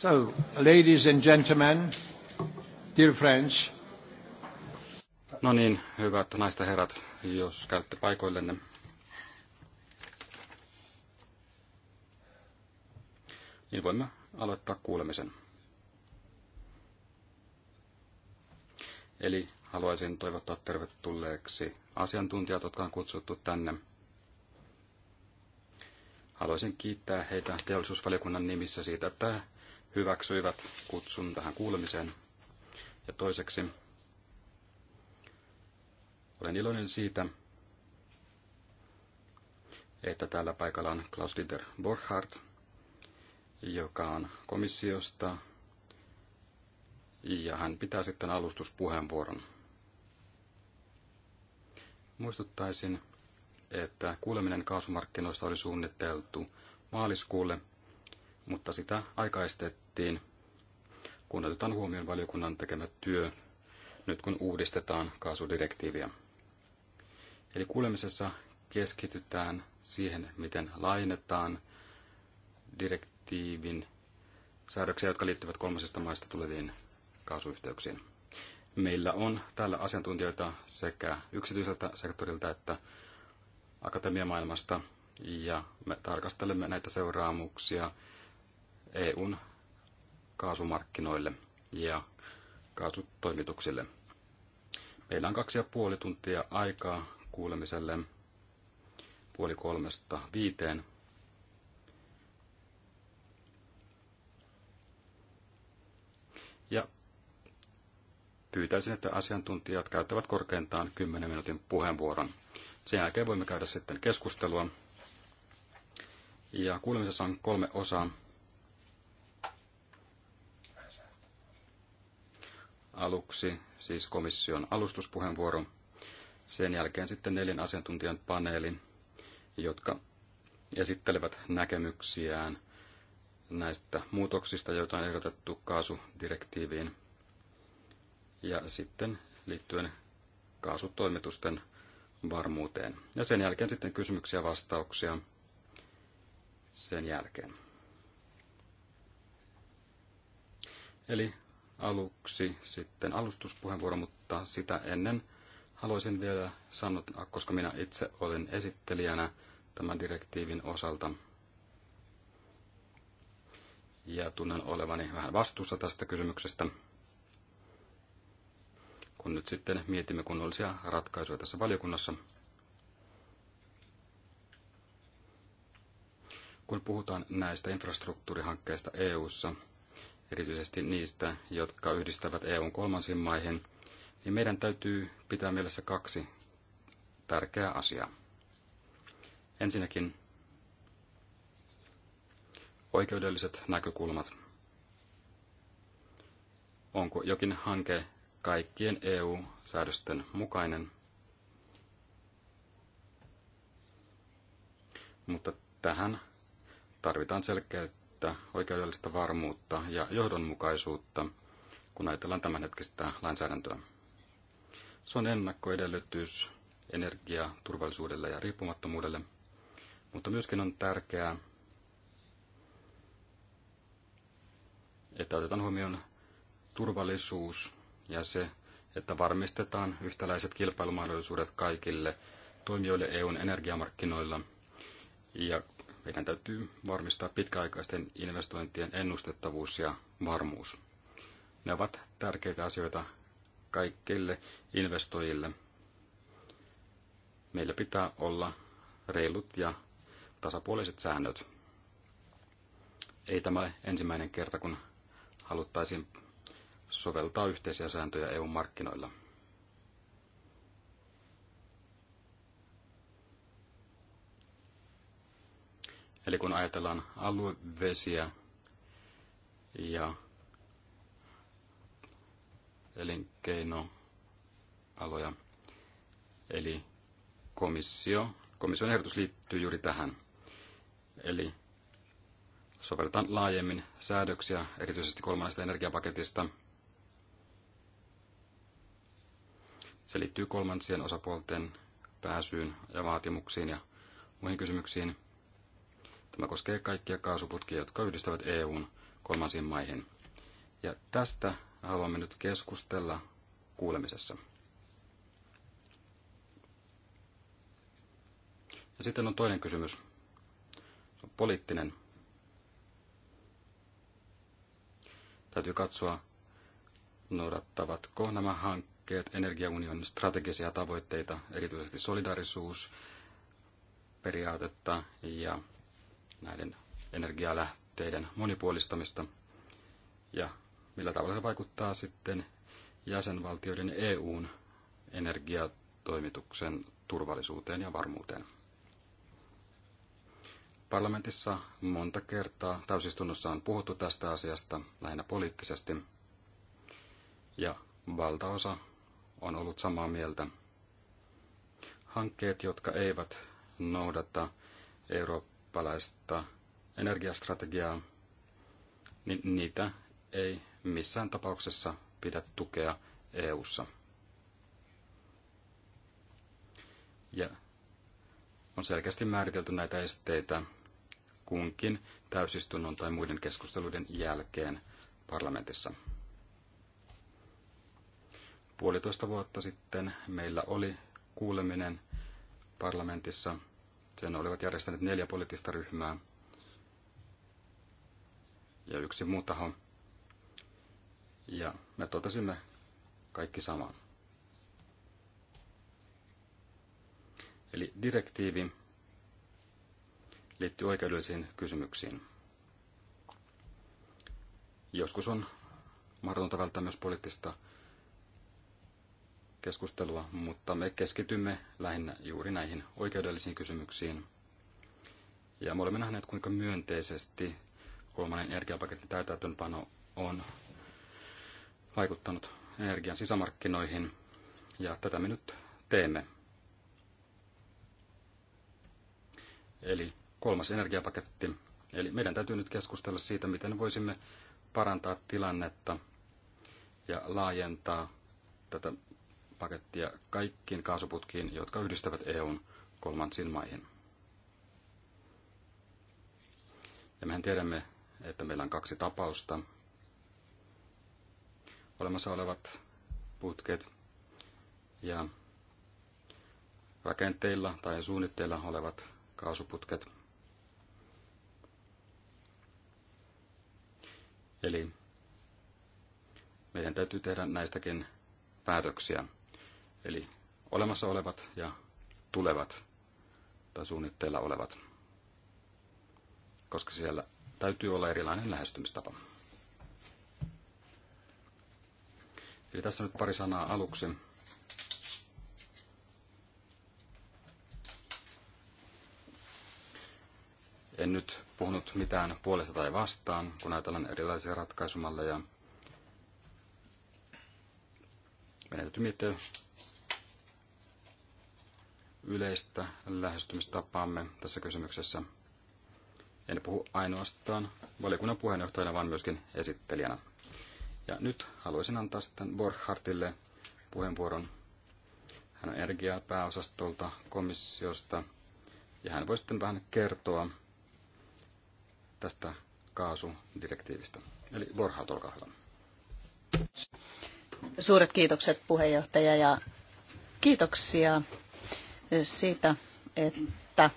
So, ladies and gentlemen, dear friends. No niin, hyvät naiset herrat, jos käytte paikoillenne. Niin voimme aloittaa kuulemisen. Eli haluaisin toivottaa tervetulleeksi asiantuntijat, jotka on kutsuttu tänne. Haluaisin kiittää heitä teollisuusvaliokunnan nimissä siitä, että hyväksyivät kutsun tähän kuulemiseen. Ja toiseksi olen iloinen siitä, että tällä paikalla on Klaus Dieter Borchardt, joka on komissiosta, ja hän pitää sitten alustuspuheenvuoron. Muistuttaisin, että kuuleminen kaasumarkkinoista oli suunniteltu maaliskuulle, mutta sitä aikaistettiin, kun otetaan huomioon valiokunnan tekemä työ nyt kun uudistetaan kaasudirektiiviä. Eli kuulemisessa keskitytään siihen, miten lainetaan direktiivin säädöksiä, jotka liittyvät kolmasista maista tuleviin kaasuyhteyksiin. Meillä on täällä asiantuntijoita sekä yksityiseltä sektorilta että akatemiamaailmasta, ja me tarkastelemme näitä seuraamuksia EUn kaasumarkkinoille ja kaasutoimituksille. Meillä on kaksi ja puoli tuntia aikaa kuulemiselle puoli kolmesta viiteen. Ja pyytäisin, että asiantuntijat käyttävät korkeintaan 10 minuutin puheenvuoron. Sen jälkeen voimme käydä sitten keskustelua. Ja kuulemisessa on kolme osaa. aluksi siis komission alustuspuheenvuoro, sen jälkeen sitten neljän asiantuntijan paneeli, jotka esittelevät näkemyksiään näistä muutoksista, joita on ehdotettu kaasudirektiiviin, ja sitten liittyen kaasutoimitusten varmuuteen. Ja sen jälkeen sitten kysymyksiä ja vastauksia sen jälkeen. Eli aluksi sitten alustuspuheenvuoro, mutta sitä ennen haluaisin vielä sanoa, koska minä itse olen esittelijänä tämän direktiivin osalta ja tunnen olevani vähän vastuussa tästä kysymyksestä, kun nyt sitten mietimme kunnollisia ratkaisuja tässä valiokunnassa. Kun puhutaan näistä infrastruktuurihankkeista EU:ssa, ssa erityisesti niistä, jotka yhdistävät EUn kolmansiin maihin, niin meidän täytyy pitää mielessä kaksi tärkeää asiaa. Ensinnäkin oikeudelliset näkökulmat. Onko jokin hanke kaikkien EU-säädösten mukainen? Mutta tähän tarvitaan selkeä, riittämätöntä oikeudellista varmuutta ja johdonmukaisuutta, kun ajatellaan tämänhetkistä lainsäädäntöä. Se on ennakkoedellytys turvallisuudelle ja riippumattomuudelle, mutta myöskin on tärkeää, että otetaan huomioon turvallisuus ja se, että varmistetaan yhtäläiset kilpailumahdollisuudet kaikille toimijoille EUn energiamarkkinoilla ja meidän täytyy varmistaa pitkäaikaisten investointien ennustettavuus ja varmuus. Ne ovat tärkeitä asioita kaikille investoijille. Meillä pitää olla reilut ja tasapuoliset säännöt. Ei tämä ensimmäinen kerta, kun haluttaisiin soveltaa yhteisiä sääntöjä EU-markkinoilla. Eli kun ajatellaan aluevesiä ja elinkeinoaloja, eli komissio, komission ehdotus liittyy juuri tähän. Eli sovelletaan laajemmin säädöksiä, erityisesti kolmannesta energiapaketista. Se liittyy kolmansien osapuolten pääsyyn ja vaatimuksiin ja muihin kysymyksiin – Tämä koskee kaikkia kaasuputkia, jotka yhdistävät EUn kolmansiin maihin. Ja tästä haluamme nyt keskustella kuulemisessa. Ja sitten on toinen kysymys. Se on poliittinen. Täytyy katsoa, noudattavatko nämä hankkeet energiaunionin strategisia tavoitteita, erityisesti solidaarisuusperiaatetta ja näiden energialähteiden monipuolistamista ja millä tavalla se vaikuttaa sitten jäsenvaltioiden EUn energiatoimituksen turvallisuuteen ja varmuuteen. Parlamentissa monta kertaa täysistunnossa on puhuttu tästä asiasta lähinnä poliittisesti ja valtaosa on ollut samaa mieltä. Hankkeet, jotka eivät noudata Euroopan eurooppalaista energiastrategiaa, niin niitä ei missään tapauksessa pidä tukea EU:ssa. Ja on selkeästi määritelty näitä esteitä kunkin täysistunnon tai muiden keskusteluiden jälkeen parlamentissa. Puolitoista vuotta sitten meillä oli kuuleminen parlamentissa – sen olivat järjestäneet neljä poliittista ryhmää ja yksi muu taho. Ja me totesimme kaikki samaan. Eli direktiivi liittyy oikeudellisiin kysymyksiin. Joskus on mahdotonta välttää myös poliittista keskustelua, mutta me keskitymme lähinnä juuri näihin oikeudellisiin kysymyksiin. Ja me olemme nähneet, kuinka myönteisesti kolmannen energiapaketin täytäntöönpano on vaikuttanut energian sisämarkkinoihin, ja tätä me nyt teemme. Eli kolmas energiapaketti. Eli meidän täytyy nyt keskustella siitä, miten voisimme parantaa tilannetta ja laajentaa tätä pakettia kaikkiin kaasuputkiin, jotka yhdistävät EUn kolmansiin maihin. Ja mehän tiedämme, että meillä on kaksi tapausta. Olemassa olevat putket ja rakenteilla tai suunnitteilla olevat kaasuputket. Eli meidän täytyy tehdä näistäkin päätöksiä. Eli olemassa olevat ja tulevat tai suunnitteilla olevat, koska siellä täytyy olla erilainen lähestymistapa. Eli tässä nyt pari sanaa aluksi. En nyt puhunut mitään puolesta tai vastaan, kun ajatellaan erilaisia ratkaisumalleja. Meidän täytyy miettiä yleistä lähestymistapaamme tässä kysymyksessä. En puhu ainoastaan valiokunnan puheenjohtajana, vaan myöskin esittelijänä. Ja nyt haluaisin antaa sitten Borchartille puheenvuoron. Hän on energiapääosastolta komissiosta ja hän voi sitten vähän kertoa tästä kaasudirektiivistä. Eli Borchart olkaa hyvä. Suuret kiitokset puheenjohtaja ja kiitoksia siitä, että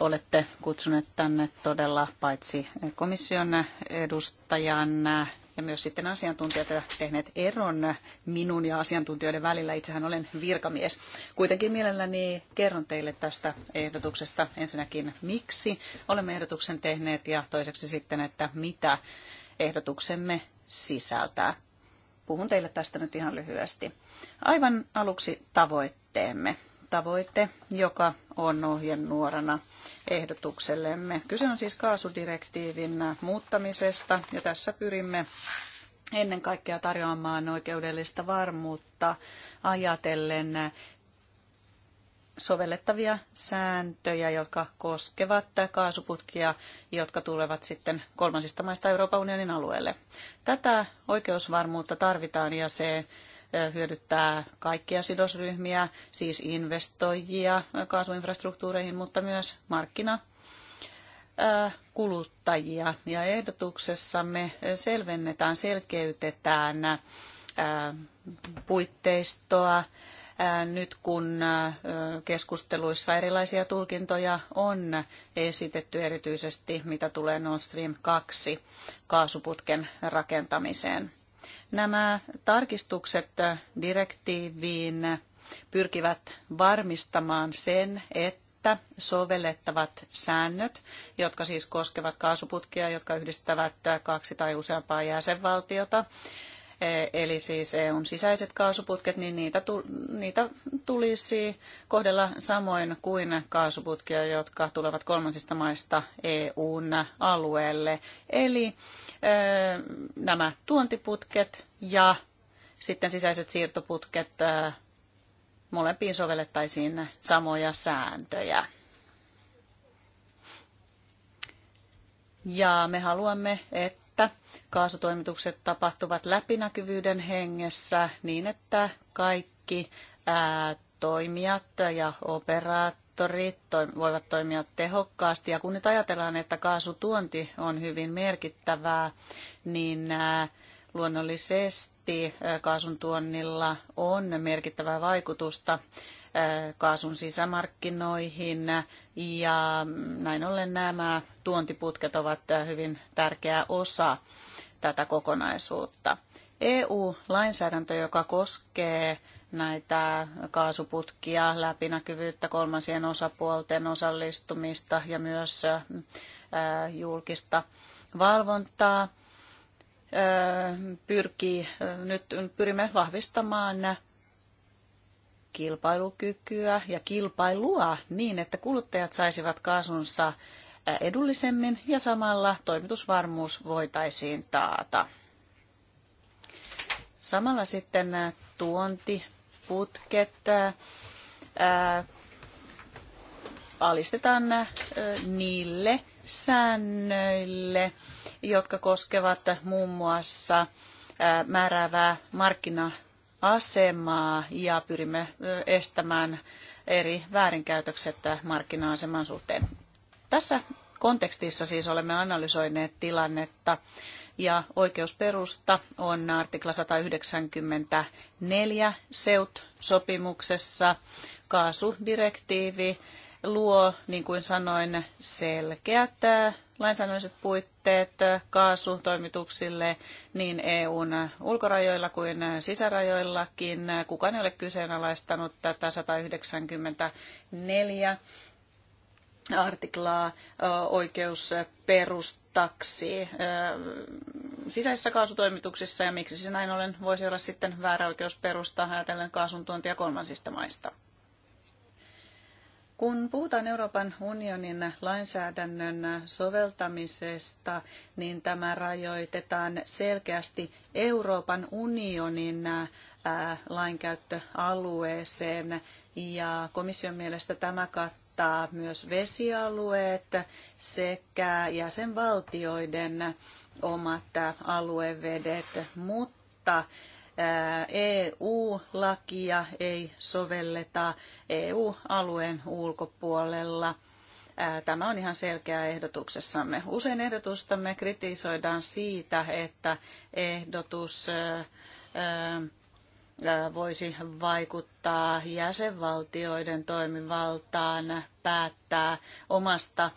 olette kutsuneet tänne todella paitsi komission edustajan ja myös sitten asiantuntijat tehneet eron minun ja asiantuntijoiden välillä. Itsehän olen virkamies. Kuitenkin mielelläni kerron teille tästä ehdotuksesta ensinnäkin, miksi olemme ehdotuksen tehneet ja toiseksi sitten, että mitä ehdotuksemme sisältää. Puhun teille tästä nyt ihan lyhyesti. Aivan aluksi tavoitteemme tavoite, joka on ohjenuorana ehdotuksellemme. Kyse on siis kaasudirektiivin muuttamisesta ja tässä pyrimme ennen kaikkea tarjoamaan oikeudellista varmuutta ajatellen sovellettavia sääntöjä, jotka koskevat kaasuputkia, jotka tulevat sitten kolmansista maista Euroopan unionin alueelle. Tätä oikeusvarmuutta tarvitaan ja se hyödyttää kaikkia sidosryhmiä, siis investoijia kaasuinfrastruktuureihin, mutta myös markkina kuluttajia. Ja ehdotuksessamme selvennetään, selkeytetään puitteistoa, nyt kun keskusteluissa erilaisia tulkintoja on esitetty erityisesti, mitä tulee Nord Stream 2 kaasuputken rakentamiseen. Nämä tarkistukset direktiiviin pyrkivät varmistamaan sen, että sovellettavat säännöt, jotka siis koskevat kaasuputkia, jotka yhdistävät kaksi tai useampaa jäsenvaltiota, E, eli siis EUn sisäiset kaasuputket, niin niitä, niitä tulisi kohdella samoin kuin kaasuputkia, jotka tulevat kolmansista maista EUn alueelle. Eli e, nämä tuontiputket ja sitten sisäiset siirtoputket, e, molempiin sovellettaisiin samoja sääntöjä. Ja me haluamme, että että kaasutoimitukset tapahtuvat läpinäkyvyyden hengessä niin, että kaikki toimijat ja operaattorit voivat toimia tehokkaasti. Ja kun nyt ajatellaan, että kaasutuonti on hyvin merkittävää, niin luonnollisesti kaasun tuonnilla on merkittävää vaikutusta kaasun sisämarkkinoihin ja näin ollen nämä tuontiputket ovat hyvin tärkeä osa tätä kokonaisuutta. EU-lainsäädäntö, joka koskee näitä kaasuputkia, läpinäkyvyyttä, kolmansien osapuolten osallistumista ja myös julkista valvontaa, pyrkii, nyt pyrimme vahvistamaan kilpailukykyä ja kilpailua niin, että kuluttajat saisivat kaasunsa edullisemmin ja samalla toimitusvarmuus voitaisiin taata. Samalla sitten nämä tuontiputket ää, alistetaan niille säännöille, jotka koskevat muun muassa määräävää markkina asemaa ja pyrimme estämään eri väärinkäytökset markkina-aseman suhteen. Tässä kontekstissa siis olemme analysoineet tilannetta ja oikeusperusta on artikla 194 SEUT-sopimuksessa. Kaasudirektiivi luo, niin kuin sanoin, selkeät lainsäädännölliset puitteet kaasutoimituksille niin EUn ulkorajoilla kuin sisärajoillakin. Kukaan ei ole kyseenalaistanut tätä 194 artiklaa oikeusperustaksi sisäisissä kaasutoimituksissa ja miksi se näin ollen voisi olla sitten väärä oikeusperusta ajatellen kaasun tuontia kolmansista maista. Kun puhutaan Euroopan unionin lainsäädännön soveltamisesta, niin tämä rajoitetaan selkeästi Euroopan unionin lainkäyttöalueeseen ja komission mielestä tämä kattaa myös vesialueet sekä jäsenvaltioiden omat aluevedet, mutta EU-lakia ei sovelleta EU-alueen ulkopuolella. Tämä on ihan selkeä ehdotuksessamme. Usein ehdotustamme kritisoidaan siitä, että ehdotus voisi vaikuttaa jäsenvaltioiden toimivaltaan päättää omasta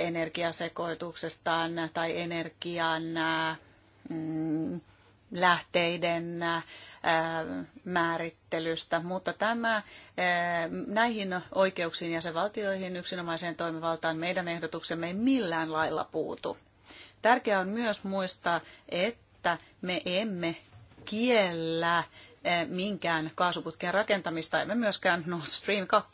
energiasekoituksestaan tai energian mm, lähteiden äh, määrittelystä, mutta tämä, äh, näihin oikeuksiin ja sen valtioihin yksinomaiseen toimivaltaan meidän ehdotuksemme ei millään lailla puutu. Tärkeää on myös muistaa, että me emme kiellä äh, minkään kaasuputken rakentamista, emme myöskään Nord Stream 2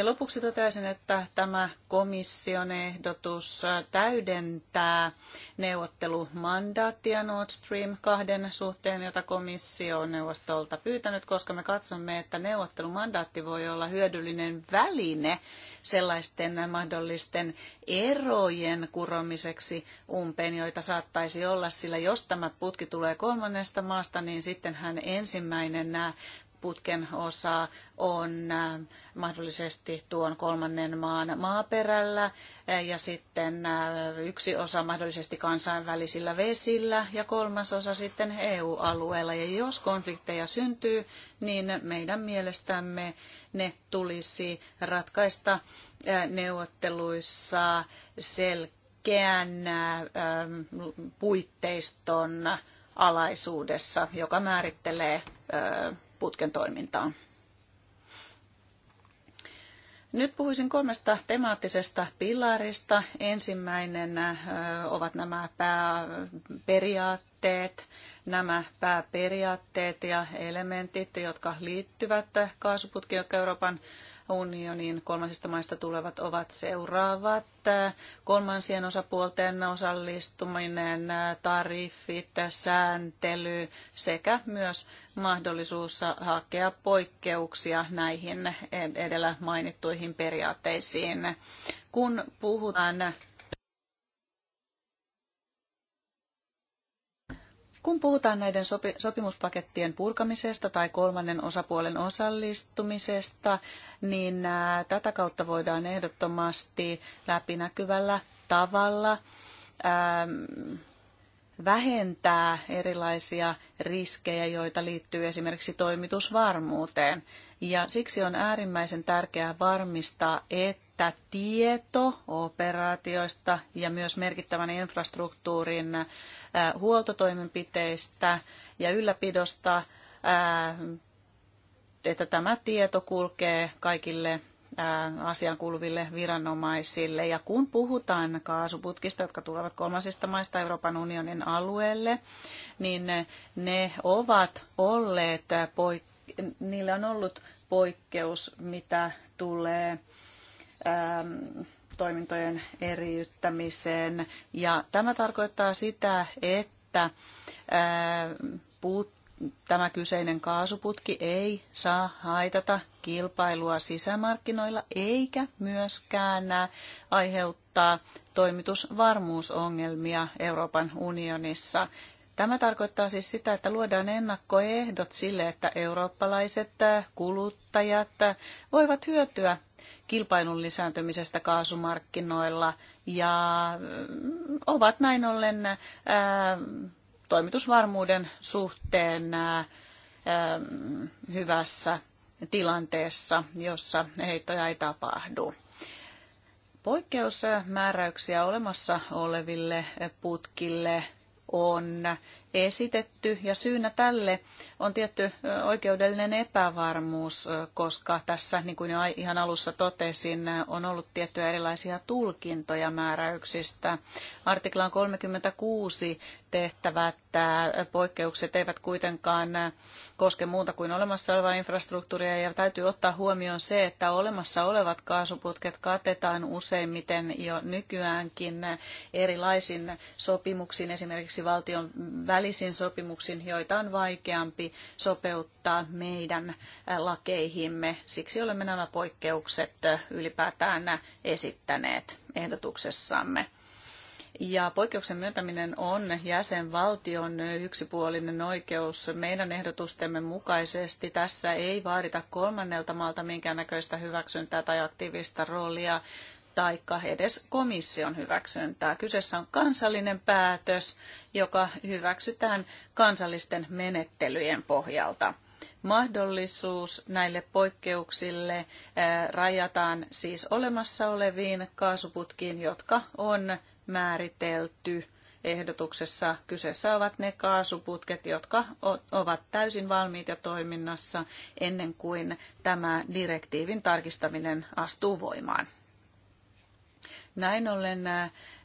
ja lopuksi toteaisin, että tämä komission ehdotus täydentää neuvottelumandaattia Nord Stream kahden suhteen, jota komissio on neuvostolta pyytänyt, koska me katsomme, että neuvottelumandaatti voi olla hyödyllinen väline sellaisten mahdollisten erojen kuromiseksi umpeen, joita saattaisi olla, sillä jos tämä putki tulee kolmannesta maasta, niin sittenhän ensimmäinen nämä putken osa on äh, mahdollisesti tuon kolmannen maan maaperällä äh, ja sitten äh, yksi osa mahdollisesti kansainvälisillä vesillä ja kolmas osa sitten EU-alueella. Ja jos konflikteja syntyy, niin meidän mielestämme ne tulisi ratkaista neuvotteluissa selkeän puitteiston alaisuudessa, joka määrittelee putken toimintaan. Nyt puhuisin kolmesta temaattisesta pilarista. Ensimmäinen äh, ovat nämä pääperiaatteet, nämä pääperiaatteet ja elementit, jotka liittyvät kaasuputkiin, jotka Euroopan unionin kolmansista maista tulevat ovat seuraavat. Kolmansien osapuolten osallistuminen, tariffit, sääntely sekä myös mahdollisuus hakea poikkeuksia näihin edellä mainittuihin periaatteisiin. Kun puhutaan Kun puhutaan näiden sopi- sopimuspakettien purkamisesta tai kolmannen osapuolen osallistumisesta, niin tätä kautta voidaan ehdottomasti läpinäkyvällä tavalla vähentää erilaisia riskejä, joita liittyy esimerkiksi toimitusvarmuuteen. Ja siksi on äärimmäisen tärkeää varmistaa, että että tieto operaatioista ja myös merkittävän infrastruktuurin äh, huoltotoimenpiteistä ja ylläpidosta, äh, että tämä tieto kulkee kaikille äh, asian kuuluville viranomaisille. Ja kun puhutaan kaasuputkista, jotka tulevat kolmansista maista Euroopan unionin alueelle, niin ne ovat olleet, poik- niillä on ollut poikkeus, mitä tulee Ähm, toimintojen eriyttämiseen. Ja tämä tarkoittaa sitä, että ähm, tämä kyseinen kaasuputki ei saa haitata kilpailua sisämarkkinoilla eikä myöskään äh, aiheuttaa toimitusvarmuusongelmia Euroopan unionissa. Tämä tarkoittaa siis sitä, että luodaan ennakkoehdot sille, että eurooppalaiset äh, kuluttajat äh, voivat hyötyä kilpailun lisääntymisestä kaasumarkkinoilla ja mm, ovat näin ollen toimitusvarmuuden suhteen hyvässä tilanteessa, jossa heittoja ei tapahdu. Poikkeusmääräyksiä olemassa oleville putkille on esitetty ja syynä tälle on tietty oikeudellinen epävarmuus, koska tässä, niin kuin jo ihan alussa totesin, on ollut tiettyjä erilaisia tulkintoja määräyksistä. Artiklaan 36 tehtävät poikkeukset eivät kuitenkaan koske muuta kuin olemassa olevaa infrastruktuuria ja täytyy ottaa huomioon se, että olemassa olevat kaasuputket katetaan useimmiten jo nykyäänkin erilaisin sopimuksiin, esimerkiksi valtion välillä välisin sopimuksin, joita on vaikeampi sopeuttaa meidän lakeihimme. Siksi olemme nämä poikkeukset ylipäätään esittäneet ehdotuksessamme. Ja poikkeuksen myöntäminen on jäsenvaltion yksipuolinen oikeus meidän ehdotustemme mukaisesti. Tässä ei vaadita kolmannelta maalta minkäännäköistä hyväksyntää tai aktiivista roolia taikka edes komission hyväksyntää. Kyseessä on kansallinen päätös, joka hyväksytään kansallisten menettelyjen pohjalta. Mahdollisuus näille poikkeuksille äh, rajataan siis olemassa oleviin kaasuputkiin, jotka on määritelty ehdotuksessa. Kyseessä ovat ne kaasuputket, jotka ovat täysin valmiit ja toiminnassa ennen kuin tämä direktiivin tarkistaminen astuu voimaan. Näin ollen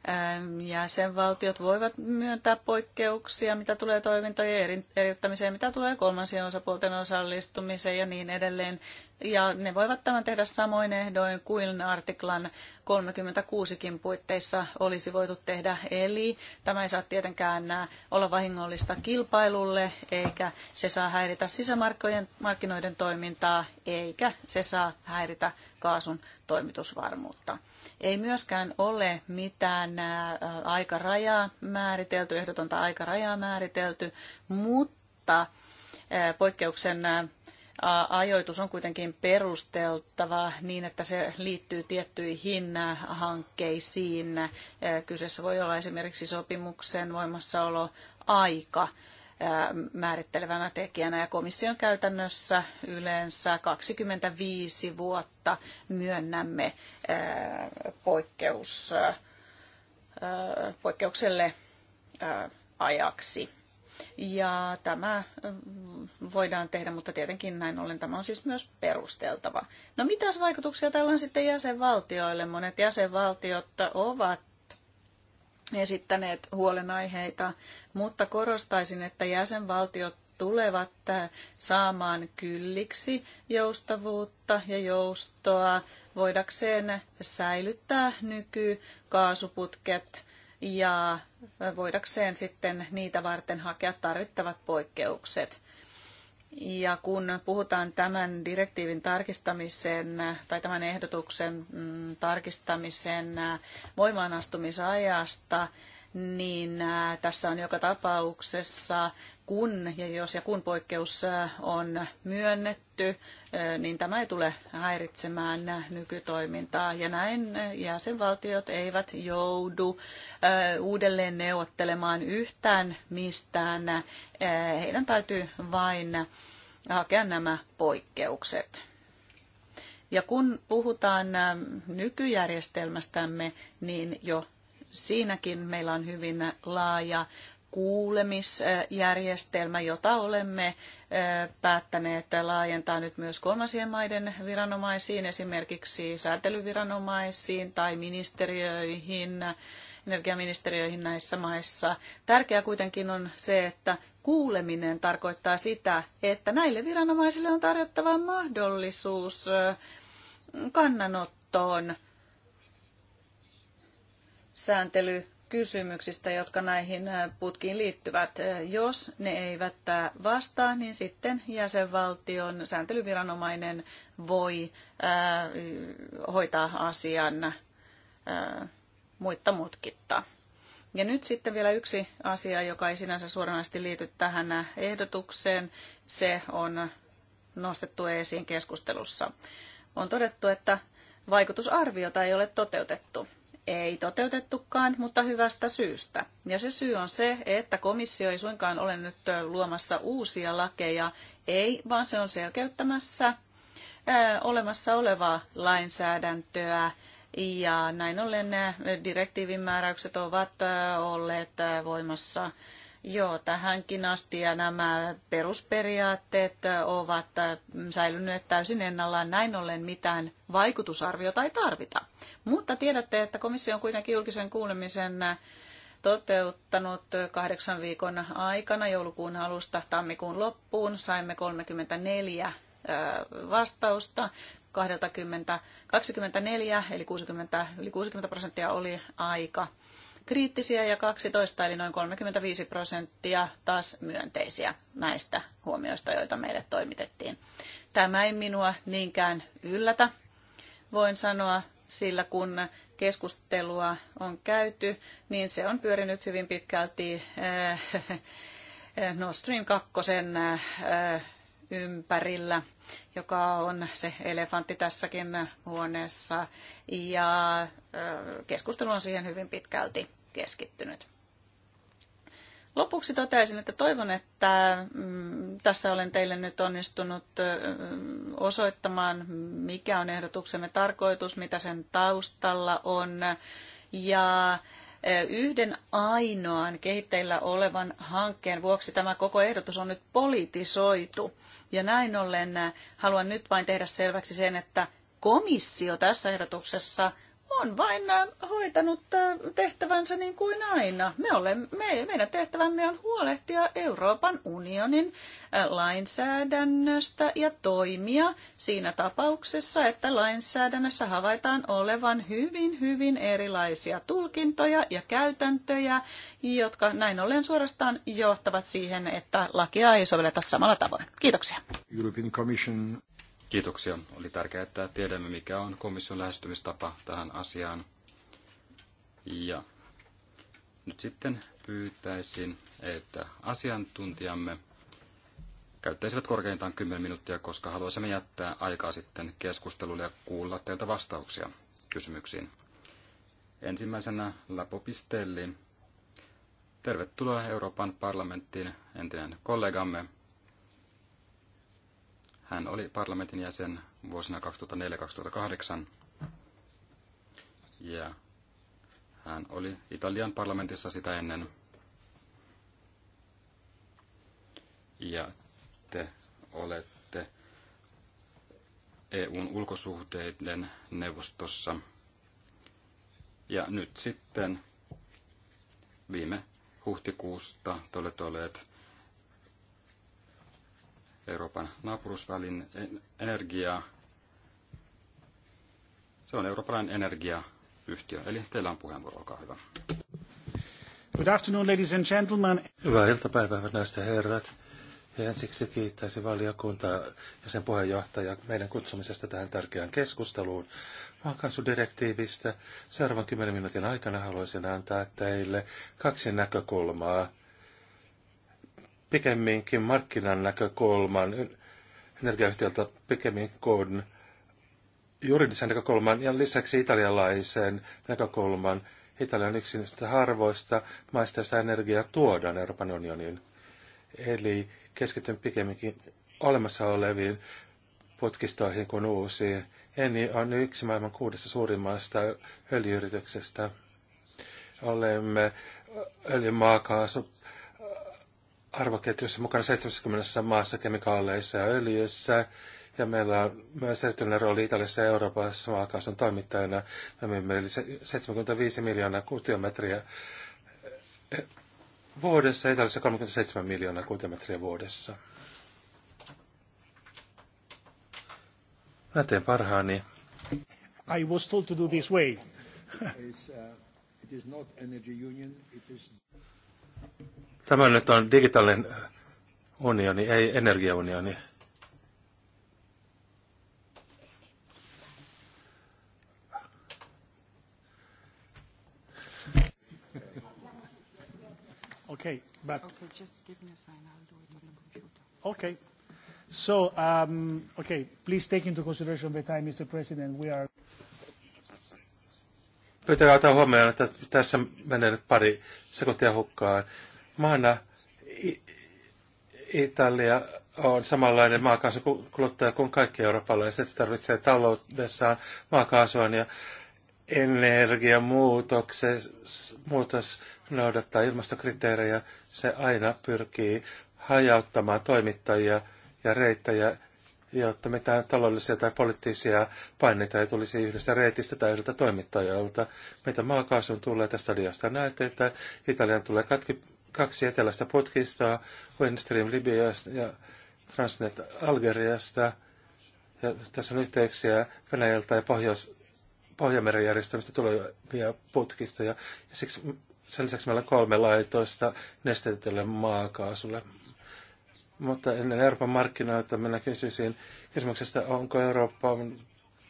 Ähm, jäsenvaltiot voivat myöntää poikkeuksia, mitä tulee toimintojen eriyttämiseen, mitä tulee kolmansien osapuolten osallistumiseen ja niin edelleen. Ja ne voivat tämän tehdä samoin ehdoin kuin artiklan 36kin puitteissa olisi voitu tehdä. Eli tämä ei saa tietenkään äh, olla vahingollista kilpailulle, eikä se saa häiritä sisämarkkinoiden toimintaa, eikä se saa häiritä kaasun toimitusvarmuutta. Ei myöskään ole mitään nämä aikarajaa määritelty, ehdotonta aikarajaa määritelty, mutta poikkeuksen ajoitus on kuitenkin perusteltava niin, että se liittyy tiettyihin hankkeisiin. Kyseessä voi olla esimerkiksi sopimuksen voimassaoloaika määrittelevänä tekijänä ja komission käytännössä yleensä 25 vuotta myönnämme poikkeus poikkeukselle ajaksi. Ja tämä voidaan tehdä, mutta tietenkin näin ollen tämä on siis myös perusteltava. No mitäs vaikutuksia tällä on sitten jäsenvaltioille? Monet jäsenvaltiot ovat esittäneet huolenaiheita, mutta korostaisin, että jäsenvaltiot tulevat saamaan kylliksi joustavuutta ja joustoa voidakseen säilyttää nykykaasuputket ja voidakseen sitten niitä varten hakea tarvittavat poikkeukset. Ja kun puhutaan tämän direktiivin tarkistamisen tai tämän ehdotuksen mm, tarkistamisen äh, voimaanastumisajasta, niin äh, tässä on joka tapauksessa, kun ja jos ja kun poikkeus äh, on myönnetty, äh, niin tämä ei tule häiritsemään nykytoimintaa. Ja näin jäsenvaltiot eivät joudu uudelleen neuvottelemaan yhtään mistään. Heidän täytyy vain hakea nämä poikkeukset. Ja kun puhutaan nykyjärjestelmästämme, niin jo Siinäkin meillä on hyvin laaja kuulemisjärjestelmä, jota olemme päättäneet laajentaa nyt myös kolmansien maiden viranomaisiin, esimerkiksi säätelyviranomaisiin tai ministeriöihin, energiaministeriöihin näissä maissa. Tärkeää kuitenkin on se, että kuuleminen tarkoittaa sitä, että näille viranomaisille on tarjottava mahdollisuus kannanottoon sääntelykysymyksistä, jotka näihin putkiin liittyvät. Jos ne eivät vastaa, niin sitten jäsenvaltion sääntelyviranomainen voi hoitaa asian muitta mutkitta. Ja nyt sitten vielä yksi asia, joka ei sinänsä suoranaisesti liity tähän ehdotukseen. Se on nostettu esiin keskustelussa. On todettu, että vaikutusarviota ei ole toteutettu ei toteutettukaan, mutta hyvästä syystä. Ja se syy on se, että komissio ei suinkaan ole nyt luomassa uusia lakeja, ei, vaan se on selkeyttämässä olemassa olevaa lainsäädäntöä. Ja näin ollen direktiivin määräykset ovat olleet voimassa Joo, tähänkin asti ja nämä perusperiaatteet ovat säilyneet täysin ennallaan. Näin ollen mitään vaikutusarviota ei tarvita. Mutta tiedätte, että komissio on kuitenkin julkisen kuulemisen toteuttanut kahdeksan viikon aikana joulukuun alusta tammikuun loppuun. Saimme 34 vastausta. 20, 24 eli 60, yli 60 prosenttia oli aika kriittisiä ja 12 eli noin 35 prosenttia taas myönteisiä näistä huomioista, joita meille toimitettiin. Tämä ei minua niinkään yllätä, voin sanoa, sillä kun keskustelua on käyty, niin se on pyörinyt hyvin pitkälti eh, Nord Stream 2 ympärillä, joka on se elefantti tässäkin huoneessa. Ja keskustelu on siihen hyvin pitkälti keskittynyt. Lopuksi toteaisin, että toivon, että mm, tässä olen teille nyt onnistunut osoittamaan, mikä on ehdotuksemme tarkoitus, mitä sen taustalla on. Ja yhden ainoan kehitteillä olevan hankkeen vuoksi tämä koko ehdotus on nyt politisoitu. Ja näin ollen äh, haluan nyt vain tehdä selväksi sen, että komissio tässä ehdotuksessa on vain äh, hoitanut äh, tehtävänsä niin kuin aina. Me olemme, me, meidän tehtävämme on huolehtia Euroopan unionin äh, lainsäädännöstä ja toimia siinä tapauksessa, että lainsäädännössä havaitaan olevan hyvin, hyvin erilaisia tulkintoja ja käytäntöjä, jotka näin ollen suorastaan johtavat siihen, että lakia ei sovelleta samalla tavoin. Kiitoksia. European Commission. Kiitoksia. Oli tärkeää, että tiedämme, mikä on komission lähestymistapa tähän asiaan. Ja nyt sitten pyytäisin, että asiantuntijamme käyttäisivät korkeintaan 10 minuuttia, koska haluaisimme jättää aikaa sitten keskustelulle ja kuulla teiltä vastauksia kysymyksiin. Ensimmäisenä Lapopistelli. Tervetuloa Euroopan parlamenttiin entinen kollegamme hän oli parlamentin jäsen vuosina 2004-2008 ja hän oli Italian parlamentissa sitä ennen. Ja te olette EUn ulkosuhteiden neuvostossa. Ja nyt sitten viime huhtikuusta te olette olleet Euroopan naapurusvälin energiaa. Se on eurooppalainen energiayhtiö. Eli teillä on puheenvuoro, olkaa hyvä. Good afternoon, ladies and gentlemen. Hyvää iltapäivää, hyvät naiset ja herrat. Ja ensiksi kiittäisin valiokuntaa ja sen puheenjohtajaa meidän kutsumisesta tähän tärkeään keskusteluun maakaasudirektiivistä. Seuraavan 10 minuutin aikana haluaisin antaa teille kaksi näkökulmaa pikemminkin markkinan näkökulman energiayhtiöltä pikemmin kuin juridisen näkökulman ja lisäksi italialaisen näkökulman. Italia on yksi niistä harvoista maista, joista energiaa tuodaan Euroopan unioniin. Eli keskityn pikemminkin olemassa oleviin putkistoihin kuin uusiin. Eni on yksi maailman kuudessa suurimmasta öljyyrityksestä. Olemme öljymaakaasu arvoketjussa mukana 70 maassa kemikaaleissa ja öljyissä. Ja meillä on myös erityinen rooli Italiassa ja Euroopassa maakaasun toimittajana. Me myymme yli 75 miljoonaa kuutiometriä vuodessa, Italiassa 37 miljoonaa kuutiometriä vuodessa. Mä teen parhaani. I was told to do this way. It uh, It is is not energy union. Tämä nyt on digitaalinen unioni, ei energiaunioni. Okay, back. okay, just give me a sign. I'll do it on the computer. Okay. So, um, okay, please take into consideration the time, Mr. President. We are Pyytäkää ottaa huomioon, että tässä menee nyt pari sekuntia hukkaan maana Italia on samanlainen kuluttaja kuin kaikki eurooppalaiset. Se tarvitsee taloudessaan maakaasua ja energiamuutos noudattaa ilmastokriteerejä. Se aina pyrkii hajauttamaan toimittajia ja reittejä, jotta mitään taloudellisia tai poliittisia paineita ei tulisi yhdestä reitistä tai yhdeltä toimittajalta. Mitä maakaasun tulee tästä diasta näette, että Italian tulee katki kaksi eteläistä putkista, Windstream Libyasta ja Transnet Algeriasta. Ja tässä on yhteyksiä Venäjältä ja Pohjois- Pohjanmeren järjestelmistä tulevia putkista. Ja, ja siksi, sen lisäksi meillä on kolme laitoista nestetylle maakaasulle. Mutta ennen Euroopan markkinoita minä kysyisin kysymyksestä, onko Euroopan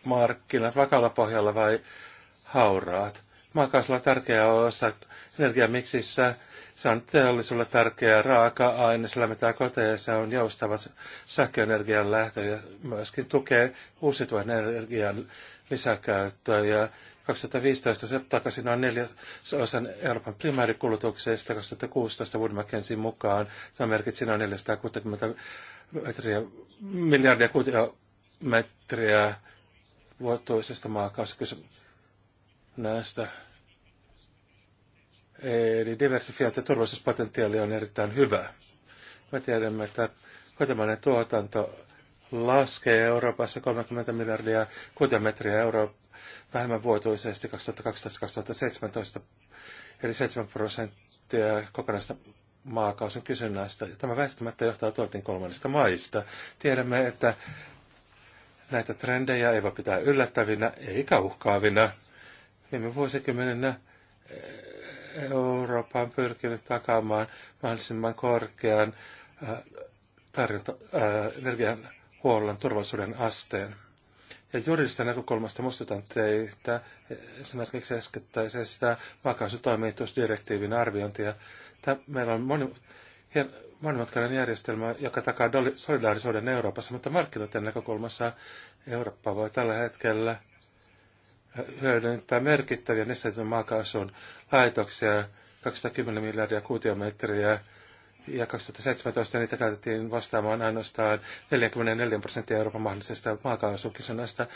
markkinat vakalla pohjalla vai hauraat. Maakaasulla on tärkeä osa energiamiksissä se on teollisuudelle tärkeä raaka-aine, sillä mitä koteessa on joustavat sähköenergian lähtö ja myöskin tukee uusiutuvan energian lisäkäyttöä. Ja 2015 se takaisin noin neljäsosan Euroopan primäärikulutuksesta, 2016 Wood Mackenzin mukaan se merkitsi noin 460 metriä, miljardia kuutiometriä vuotuisesta maakaasukysynnästä. Eli diversifiointi ja turvallisuuspotentiaali on erittäin hyvä. Me tiedämme, että kotimainen tuotanto laskee Euroopassa 30 miljardia kuutiometriä euroa vähemmän vuotuisesti 2012-2017, eli 7 prosenttia kokonaista maakausin kysynnästä. Ja tämä väistämättä johtaa tuotin kolmannesta maista. Tiedämme, että näitä trendejä ei voi pitää yllättävinä eikä uhkaavina. Viime vuosikymmeninä Eurooppa on pyrkinyt takaamaan mahdollisimman korkean äh, tarjonta, äh, energian huollon turvallisuuden asteen. Ja juridisesta näkökulmasta muistutan teitä esimerkiksi äskettäisestä makaasutoimitusdirektiivin arviointia. Tämä, meillä on moni, monimutkainen järjestelmä, joka takaa solidaarisuuden Euroopassa, mutta markkinoiden näkökulmassa Eurooppa voi tällä hetkellä – hyödyntää merkittäviä nestetyn maakaasun laitoksia, 210 miljardia kuutiometriä, ja 2017 niitä käytettiin vastaamaan ainoastaan 44 prosenttia Euroopan mahdollisesta maakaasukysynnästä.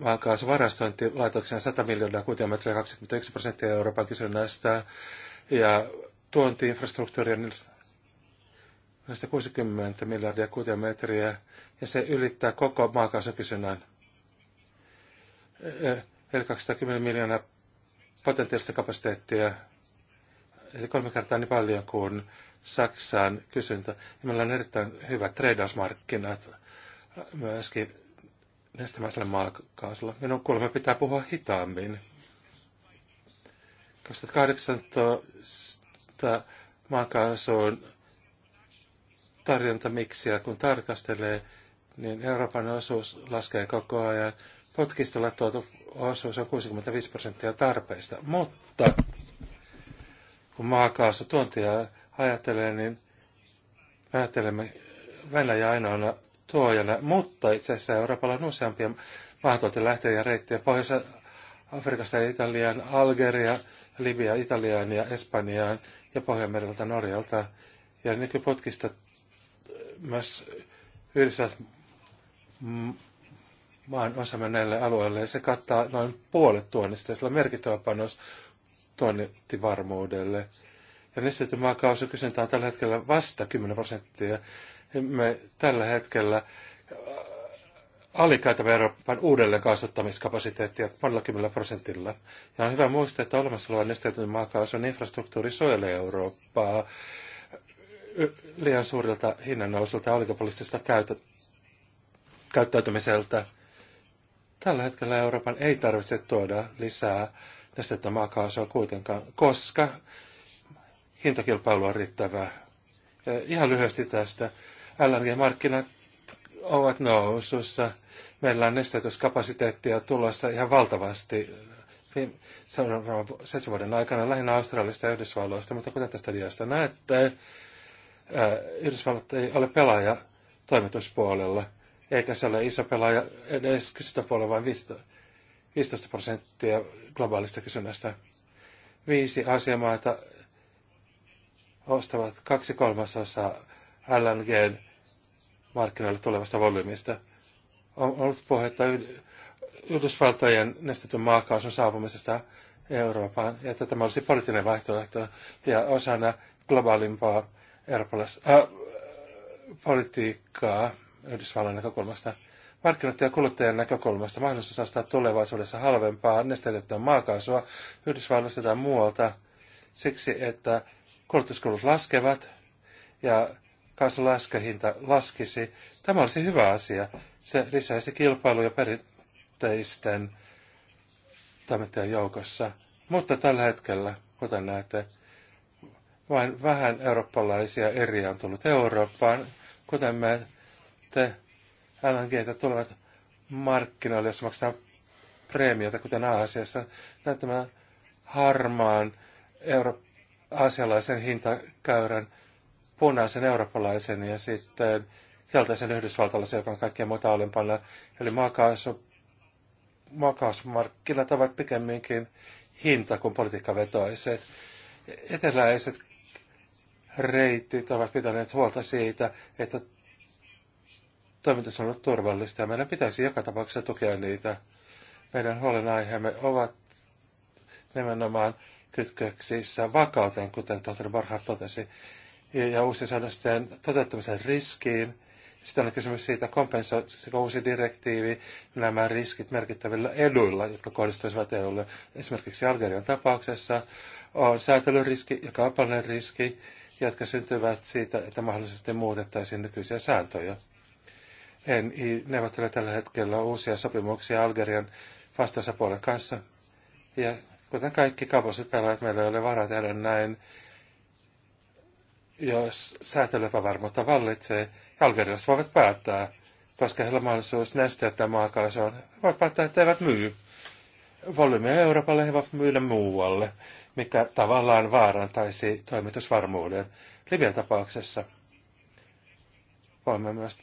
Maakaasuvarastointilaitoksen 100 miljardia kuutiometriä 21 prosenttia Euroopan kysynnästä ja tuontiinfrastruktuuria 60 miljardia kuutiometriä ja se ylittää koko maakaasukysynnän. Eli 210 miljoonaa potentiaalista kapasiteettia, eli kolme kertaa niin paljon kuin Saksan kysyntä. Ja meillä on erittäin hyvät treidausmarkkinat myöskin nestemäisellä maakaasulla. Minun kuulemma pitää puhua hitaammin. 2018 maakaasun tarjontamiksiä, kun tarkastelee, niin Euroopan osuus laskee koko ajan. Potkistolla tuotu osuus on 65 prosenttia tarpeista, mutta kun tuontia ajattelee, niin ajattelemme Venäjä ainoana tuojana, mutta itse asiassa Euroopalla on useampia lähteä ja reittiä Pohjois-Afrikasta Italiaan, Algeria, Libya, Italiaan ja Espanjaan ja Pohjanmereltä Norjalta. Ja nykyputkista niin myös yhdessä maan osamme näille alueille. Se kattaa noin puolet tuonnista ja sillä on merkittävä panos tuonnittivarmuudelle. Ja nesteytymaakausi kysyntää tällä hetkellä vasta 10 prosenttia. Me tällä hetkellä äh, alikäytämme Euroopan uudelleen kasvattamiskapasiteettia monella kymmenellä prosentilla. Ja on hyvä muistaa, että olemassa oleva nesteytynyt on infrastruktuuri suojelee Eurooppaa liian suurilta hinnannousulta ja oligopolistista käytä, käyttäytymiseltä. Tällä hetkellä Euroopan ei tarvitse tuoda lisää nestettä maakaasua kuitenkaan, koska hintakilpailu on riittävää. ihan lyhyesti tästä. LNG-markkinat ovat nousussa. Meillä on nestetyskapasiteettia tulossa ihan valtavasti seuraavan seitsemän vuoden aikana lähinnä Australiasta ja Yhdysvalloista, mutta kuten tästä diasta näette, Yhdysvallat ei ole pelaaja toimituspuolella eikä se ole iso pelaaja edes kysyntäpuolella, vain 15 prosenttia globaalista kysynnästä. Viisi asiamaata ostavat kaksi kolmasosaa lng markkinoille tulevasta volyymista. On ollut puhetta Yhdysvaltojen nestetyn maakaasun saapumisesta Eurooppaan, ja että tämä olisi poliittinen vaihtoehto ja osana globaalimpaa eurooppalaista äh, politiikkaa. Yhdysvallan näkökulmasta, markkinoiden ja kuluttajan näkökulmasta mahdollisuus ostaa tulevaisuudessa halvempaa nesteytettyä maakaasua Yhdysvalloista tai muualta siksi, että kulutuskulut laskevat ja kaasun laskehinta laskisi. Tämä olisi hyvä asia. Se lisäisi kilpailuja perinteisten toimittajien joukossa. Mutta tällä hetkellä, kuten näette, vain vähän eurooppalaisia eriä on tullut Eurooppaan, kuten me sitten LNGtä tulevat markkinoille, jossa maksetaan preemiota, kuten Aasiassa, näyttämään harmaan euro- aasialaisen hintakäyrän punaisen eurooppalaisen ja sitten keltaisen yhdysvaltalaisen, joka on kaikkien matalimpana. Eli maakaasu, maakaasumarkkinat ovat pikemminkin hinta kuin politiikkavetoiset. Eteläiset reitit ovat pitäneet huolta siitä, että toiminta on ollut turvallista ja meidän pitäisi joka tapauksessa tukea niitä. Meidän huolenaiheemme ovat nimenomaan kytköksissä vakauteen, kuten tohtori Barhart totesi, ja uusien säännösten toteuttamisen riskiin. Sitten on kysymys siitä, kompensoisiko uusi direktiivi nämä riskit merkittävillä eduilla, jotka kohdistuisivat EUlle. Esimerkiksi Algerian tapauksessa on säätelyriski ja kaupallinen riski, jotka syntyvät siitä, että mahdollisesti muutettaisiin nykyisiä sääntöjä. En neuvottele tällä hetkellä uusia sopimuksia Algerian vastaosapuolen kanssa. Ja kuten kaikki kaupalliset pelaajat, meillä ei ole varaa tehdä näin, jos säätelyepävarmuutta vallitsee. Algerialaiset voivat päättää, koska heillä on mahdollisuus nesteyttää maakaasua. He voivat päättää, että eivät myy. Volyymiä Euroopalle he voivat myydä muualle, mikä tavallaan vaarantaisi toimitusvarmuuden. Libyan tapauksessa voimme myös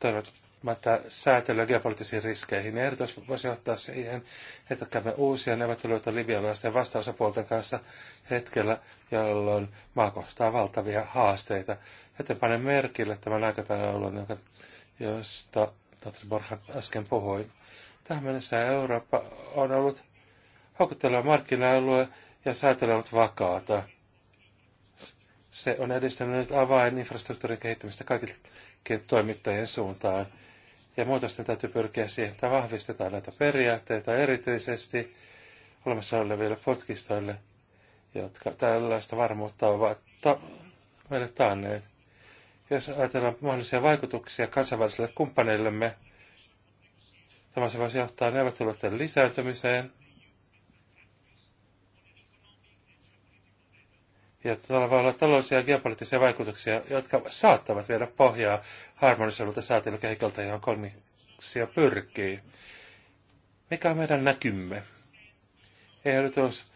tarvitsematta säätelyä geopoliittisiin riskeihin. Ja ehdotus voisi johtaa siihen, että käymme uusia neuvotteluita libialaisten vastausapuolten kanssa hetkellä, jolloin maa kohtaa valtavia haasteita. Joten panen merkille tämän aikataulun, josta Tatri Borhan äsken puhuin. Tähän mennessä Eurooppa on ollut houkutteleva markkina-alue ja säätely on vakaata. Se on edistänyt avaininfrastruktuurin kehittämistä kaikilla toimittajien suuntaan. Ja muutosten täytyy pyrkiä siihen, että vahvistetaan näitä periaatteita erityisesti olemassa oleville potkistoille, jotka tällaista varmuutta ovat ta- meille taanneet. Jos ajatellaan mahdollisia vaikutuksia kansainvälisille kumppaneillemme, tämä se voisi johtaa neuvotteluiden lisääntymiseen, Ja tällä voi olla taloudellisia ja geopoliittisia vaikutuksia, jotka saattavat viedä pohjaa harmoniselta säätelykehikolta, johon kolmiksia pyrkii. Mikä on meidän näkymme? Ehdotus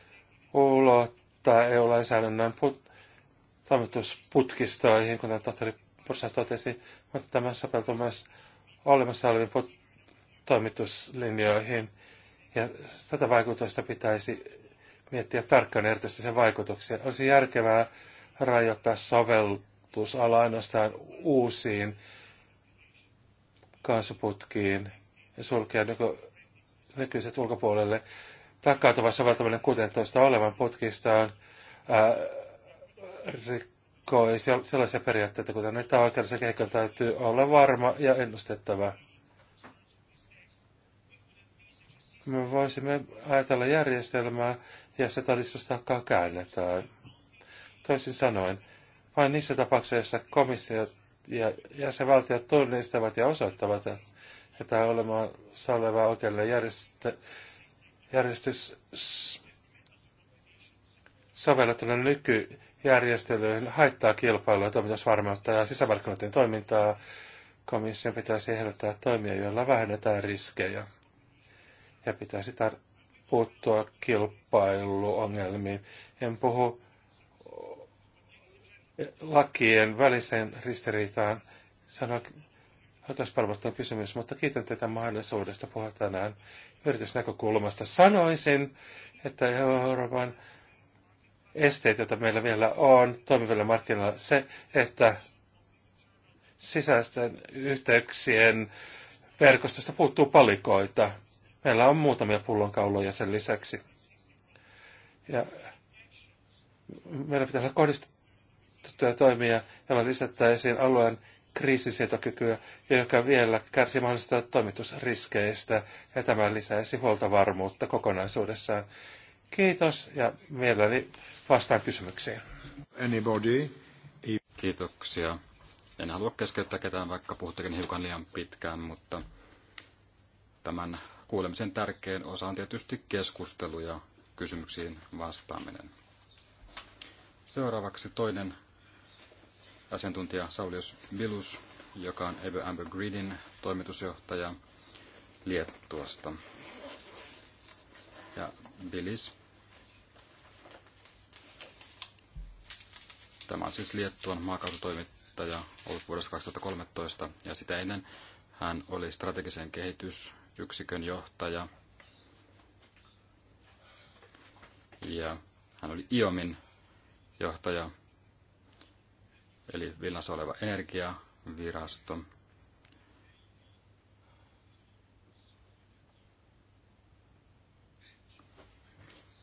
ulottaa EU-lainsäädännön put- toimitusputkistoihin, kuten tohtori Pursa totesi, mutta tämä sopeutuu myös olemassa oleviin put- toimituslinjoihin. Ja tätä vaikutusta pitäisi miettiä tarkkaan erityisesti sen vaikutuksia. Olisi järkevää rajoittaa sovellusala ainoastaan uusiin kaasuputkiin ja sulkea niin nykyiset ulkopuolelle. Takautuva soveltaminen 16 olevan putkistaan ää, rikkoi sellaisia periaatteita, kuten että oikeudessa kehikon täytyy olla varma ja ennustettava. Me voisimme ajatella järjestelmää, ja se todistus takaa käännetään. Toisin sanoen, vain niissä tapauksissa, joissa komissiot ja jäsenvaltiot tunnistavat ja osoittavat, että olemassa oleva oikeudellinen järjestys sovellettuna nykyjärjestelyyn haittaa kilpailua, toimitusvarmuutta ja sisämarkkinoiden toimintaa, komission pitäisi ehdottaa toimia, joilla vähennetään riskejä. Ja pitäisi tar- puuttua kilpailuongelmiin. En puhu lakien väliseen ristiriitaan. Sanoin oikeuspalvelusta kysymys, mutta kiitän tätä mahdollisuudesta puhua tänään yritysnäkökulmasta. Sanoisin, että Euroopan esteet, joita meillä vielä on toimivilla markkinoilla, se, että sisäisten yhteyksien verkostosta puuttuu palikoita – Meillä on muutamia pullonkauloja sen lisäksi. Ja meillä pitää olla kohdistettuja toimia, joilla lisättäisiin alueen kriisisietokykyä, joka vielä kärsii mahdollisista toimitusriskeistä, ja tämä lisäisi huoltovarmuutta kokonaisuudessaan. Kiitos, ja mielelläni vastaan kysymyksiin. Anybody? Kiitoksia. En halua keskeyttää ketään, vaikka puhuttekin hiukan liian pitkään, mutta tämän kuulemisen tärkein osa on tietysti keskustelu ja kysymyksiin vastaaminen. Seuraavaksi toinen asiantuntija Saulius Bilus, joka on Ever Amber Greenin toimitusjohtaja Liettuasta. Ja Bilis. Tämä on siis Liettuan maakaasutoimittaja ollut vuodesta 2013 ja sitä ennen hän oli strategisen kehitys- yksikön johtaja. Ja hän oli IOMin johtaja, eli Vilnassa oleva energiavirasto.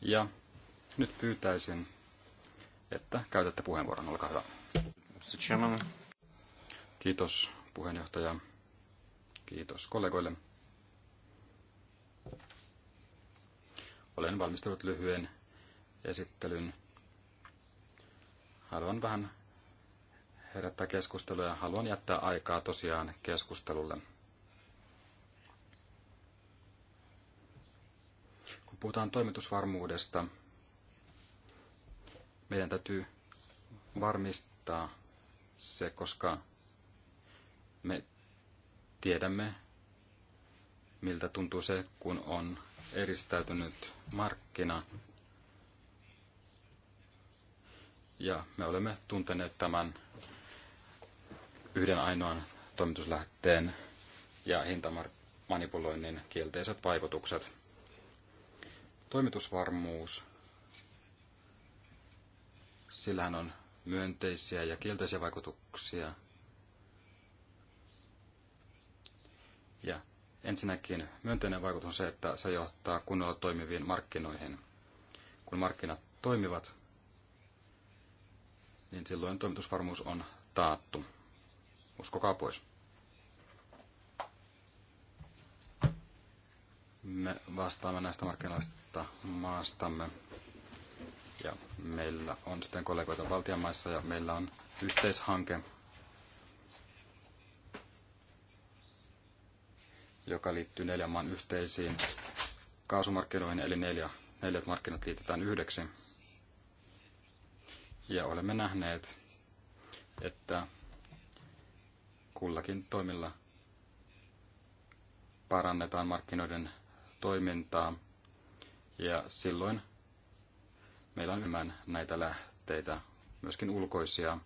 Ja nyt pyytäisin, että käytätte puheenvuoron. Olkaa hyvä. Kiitos puheenjohtaja. Kiitos kollegoille. Olen valmistellut lyhyen esittelyn. Haluan vähän herättää keskustelua ja haluan jättää aikaa tosiaan keskustelulle. Kun puhutaan toimitusvarmuudesta, meidän täytyy varmistaa se, koska me tiedämme, miltä tuntuu se, kun on eristäytynyt markkina. Ja me olemme tunteneet tämän yhden ainoan toimituslähteen ja hintamanipuloinnin kielteiset vaikutukset. Toimitusvarmuus, sillähän on myönteisiä ja kielteisiä vaikutuksia. Ja Ensinnäkin myönteinen vaikutus on se, että se johtaa kunnolla toimiviin markkinoihin. Kun markkinat toimivat, niin silloin toimitusvarmuus on taattu. Uskokaa pois. Me vastaamme näistä markkinoista maastamme. Ja meillä on sitten kollegoita valtionmaissa ja meillä on yhteishanke, joka liittyy neljän maan yhteisiin kaasumarkkinoihin, eli neljä, neljät markkinat liitetään yhdeksi. Ja olemme nähneet, että kullakin toimilla parannetaan markkinoiden toimintaa ja silloin meillä on enemmän näitä lähteitä, myöskin ulkoisia.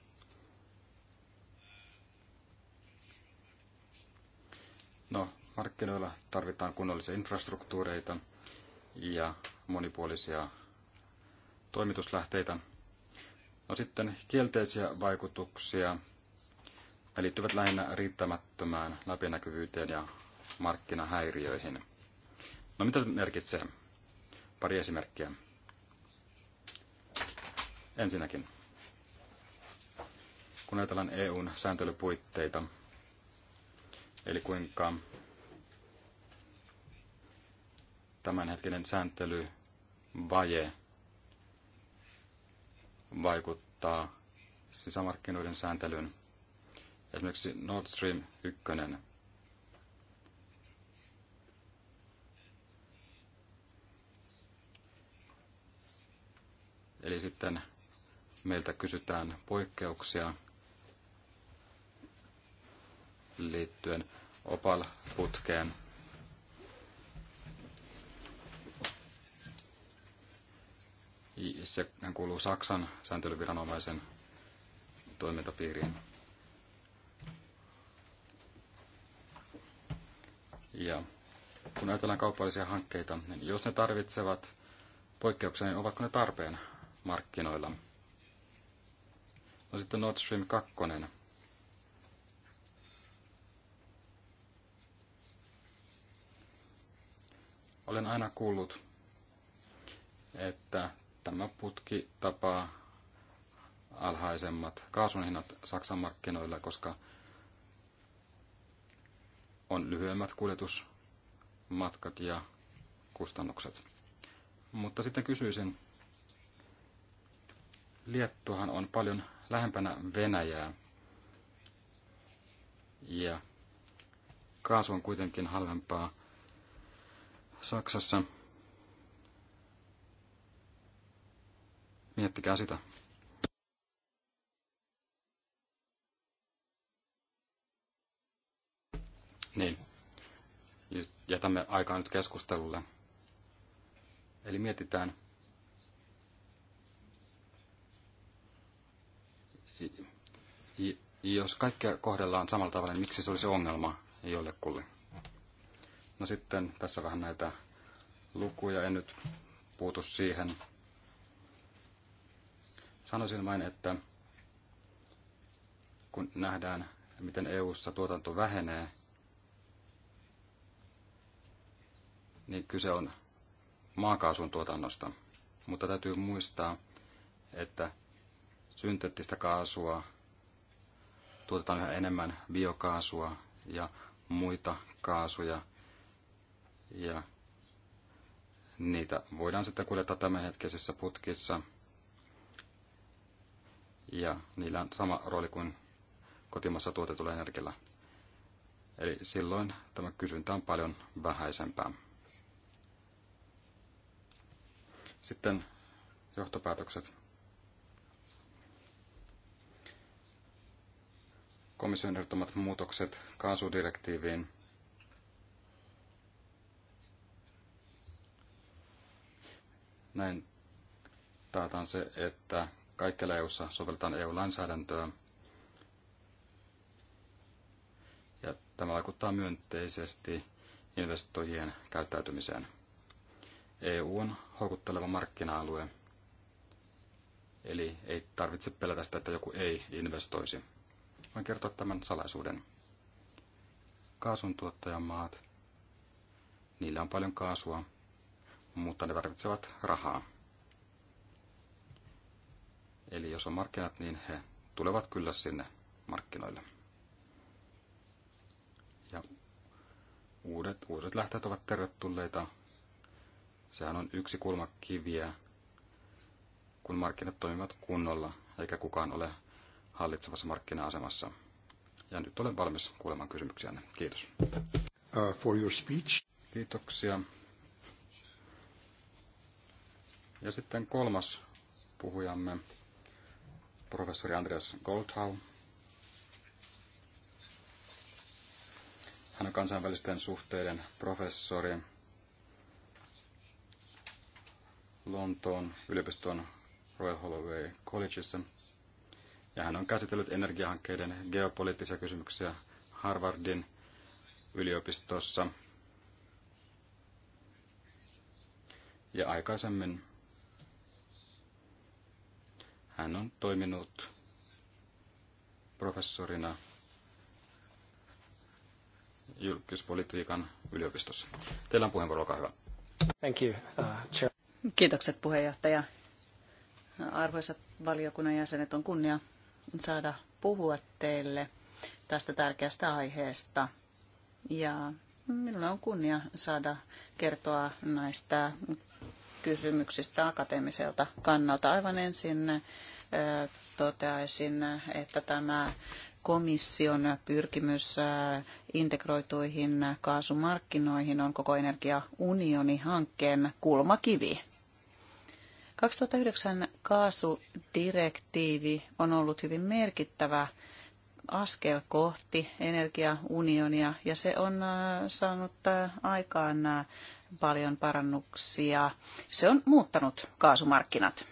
No, markkinoilla tarvitaan kunnollisia infrastruktuureita ja monipuolisia toimituslähteitä. No sitten kielteisiä vaikutuksia. Ne liittyvät lähinnä riittämättömään läpinäkyvyyteen ja markkinahäiriöihin. No mitä se merkitsee? Pari esimerkkiä. Ensinnäkin, kun ajatellaan EUn sääntelypuitteita, eli kuinka tämänhetkinen sääntelyvaje vaikuttaa sisämarkkinoiden sääntelyyn. Esimerkiksi Nord Stream 1 Eli sitten meiltä kysytään poikkeuksia liittyen Opal-putkeen Se kuuluu Saksan sääntelyviranomaisen toimintapiiriin. Ja kun ajatellaan kaupallisia hankkeita, niin jos ne tarvitsevat poikkeuksia, niin ovatko ne tarpeen markkinoilla? No sitten Nord Stream 2. Olen aina kuullut, että tämä putki tapaa alhaisemmat kaasun hinnat Saksan markkinoilla, koska on lyhyemmät kuljetusmatkat ja kustannukset. Mutta sitten kysyisin, Liettuhan on paljon lähempänä Venäjää ja kaasu on kuitenkin halvempaa Saksassa – Miettikää sitä. Niin. Jätämme aikaa nyt keskustelulle. Eli mietitään. Jos kaikkia kohdellaan samalla tavalla, niin miksi se olisi ongelma jollekulle? No sitten tässä vähän näitä lukuja, en nyt puutu siihen. Sanoisin vain, että kun nähdään, miten EU-ssa tuotanto vähenee, niin kyse on maakaasun tuotannosta. Mutta täytyy muistaa, että synteettistä kaasua tuotetaan yhä enemmän biokaasua ja muita kaasuja. Ja niitä voidaan sitten kuljettaa tämänhetkisissä putkissa – ja niillä on sama rooli kuin kotimassa tuotetulla energialla. Eli silloin tämä kysyntä on paljon vähäisempää. Sitten johtopäätökset. Komission ehdottomat muutokset kaasudirektiiviin näin taataan se, että kaikkialla EU-ssa sovelletaan EU-lainsäädäntöä. Ja tämä vaikuttaa myönteisesti investoijien käyttäytymiseen. EU on houkutteleva markkina-alue, eli ei tarvitse pelätä sitä, että joku ei investoisi. Voin kertoa tämän salaisuuden. tuottajamaat niillä on paljon kaasua, mutta ne tarvitsevat rahaa. Eli jos on markkinat, niin he tulevat kyllä sinne markkinoille. Ja uudet, uudet lähteet ovat tervetulleita. Sehän on yksi kulmakiviä, kun markkinat toimivat kunnolla, eikä kukaan ole hallitsevassa markkina-asemassa. Ja nyt olen valmis kuulemaan kysymyksiänne. Kiitos. Uh, for your speech. Kiitoksia. Ja sitten kolmas puhujamme professori Andreas Goldhau. Hän on kansainvälisten suhteiden professori Lontoon yliopiston Royal Holloway Collegeissa. Ja hän on käsitellyt energiahankkeiden geopoliittisia kysymyksiä Harvardin yliopistossa. Ja aikaisemmin hän on toiminut professorina julkispolitiikan yliopistossa. Teillä on puheenvuoro, olkaa hyvä. Thank you, uh, chair. Kiitokset puheenjohtaja. Arvoisat valiokunnan jäsenet, on kunnia saada puhua teille tästä tärkeästä aiheesta. Ja minulla on kunnia saada kertoa näistä kysymyksistä akateemiselta kannalta. Aivan ensin toteaisin, että tämä komission pyrkimys integroituihin kaasumarkkinoihin on koko energiaunioni-hankkeen kulmakivi. 2009 kaasudirektiivi on ollut hyvin merkittävä askel kohti energiaunionia ja se on äh, saanut äh, aikaan äh, paljon parannuksia. Se on muuttanut kaasumarkkinat.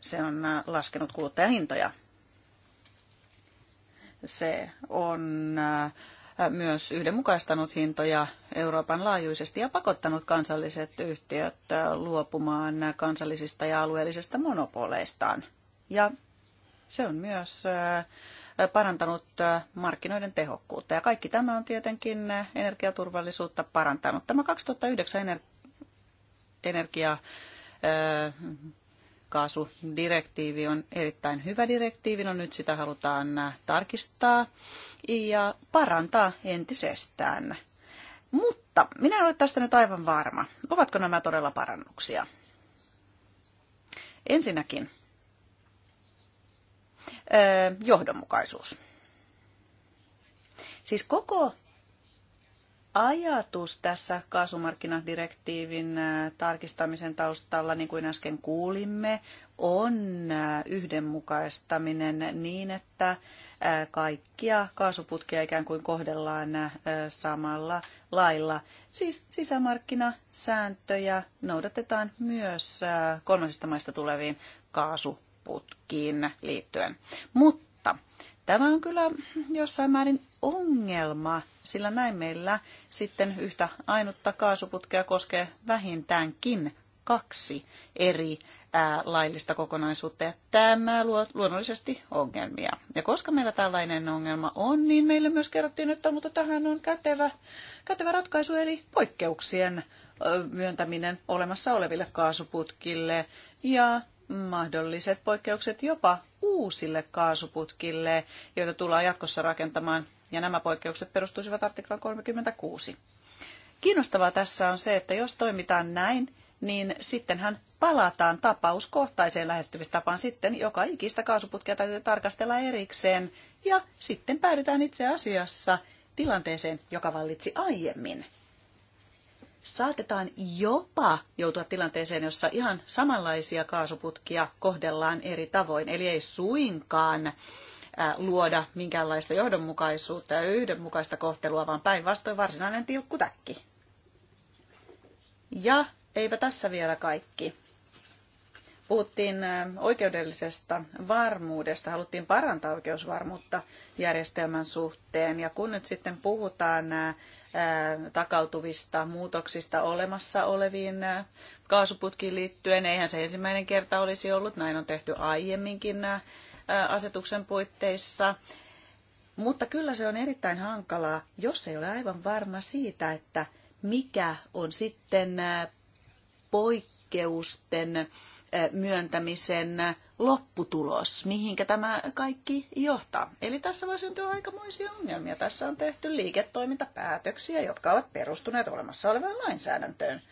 Se on laskenut kuluttajahintoja. Se on myös yhdenmukaistanut hintoja Euroopan laajuisesti ja pakottanut kansalliset yhtiöt luopumaan kansallisista ja alueellisista monopoleistaan. Ja se on myös parantanut markkinoiden tehokkuutta. Ja kaikki tämä on tietenkin energiaturvallisuutta parantanut. Tämä 2009 ener- energia kaasudirektiivi on erittäin hyvä direktiivi. No nyt sitä halutaan tarkistaa ja parantaa entisestään. Mutta minä en ole tästä nyt aivan varma. Ovatko nämä todella parannuksia? Ensinnäkin johdonmukaisuus. Siis koko ajatus tässä kaasumarkkinadirektiivin tarkistamisen taustalla, niin kuin äsken kuulimme, on yhdenmukaistaminen niin, että kaikkia kaasuputkia ikään kuin kohdellaan samalla lailla. Siis sisämarkkinasääntöjä noudatetaan myös kolmansista maista tuleviin kaasu putkiin liittyen. Mutta tämä on kyllä jossain määrin ongelma, sillä näin meillä sitten yhtä ainutta kaasuputkea koskee vähintäänkin kaksi eri laillista kokonaisuutta ja tämä luo luonnollisesti ongelmia. Ja koska meillä tällainen ongelma on, niin meille myös kerrottiin, että mutta tähän on kätevä, kätevä ratkaisu eli poikkeuksien myöntäminen olemassa oleville kaasuputkille ja mahdolliset poikkeukset jopa uusille kaasuputkille, joita tullaan jatkossa rakentamaan, ja nämä poikkeukset perustuisivat artiklaan 36. Kiinnostavaa tässä on se, että jos toimitaan näin, niin sittenhän palataan tapauskohtaiseen lähestymistapaan sitten. Joka ikistä kaasuputkea täytyy tarkastella erikseen ja sitten päädytään itse asiassa tilanteeseen, joka vallitsi aiemmin saatetaan jopa joutua tilanteeseen, jossa ihan samanlaisia kaasuputkia kohdellaan eri tavoin. Eli ei suinkaan äh, luoda minkäänlaista johdonmukaisuutta ja yhdenmukaista kohtelua, vaan päinvastoin varsinainen tilkkutäkki. Ja eipä tässä vielä kaikki puhuttiin oikeudellisesta varmuudesta, haluttiin parantaa oikeusvarmuutta järjestelmän suhteen. Ja kun nyt sitten puhutaan takautuvista muutoksista olemassa oleviin kaasuputkiin liittyen, eihän se ensimmäinen kerta olisi ollut, näin on tehty aiemminkin asetuksen puitteissa. Mutta kyllä se on erittäin hankalaa, jos ei ole aivan varma siitä, että mikä on sitten poikkeusten myöntämisen lopputulos, mihinkä tämä kaikki johtaa. Eli tässä voi syntyä aikamoisia ongelmia. Tässä on tehty liiketoimintapäätöksiä, jotka ovat perustuneet olemassa olevaan lainsäädäntöön.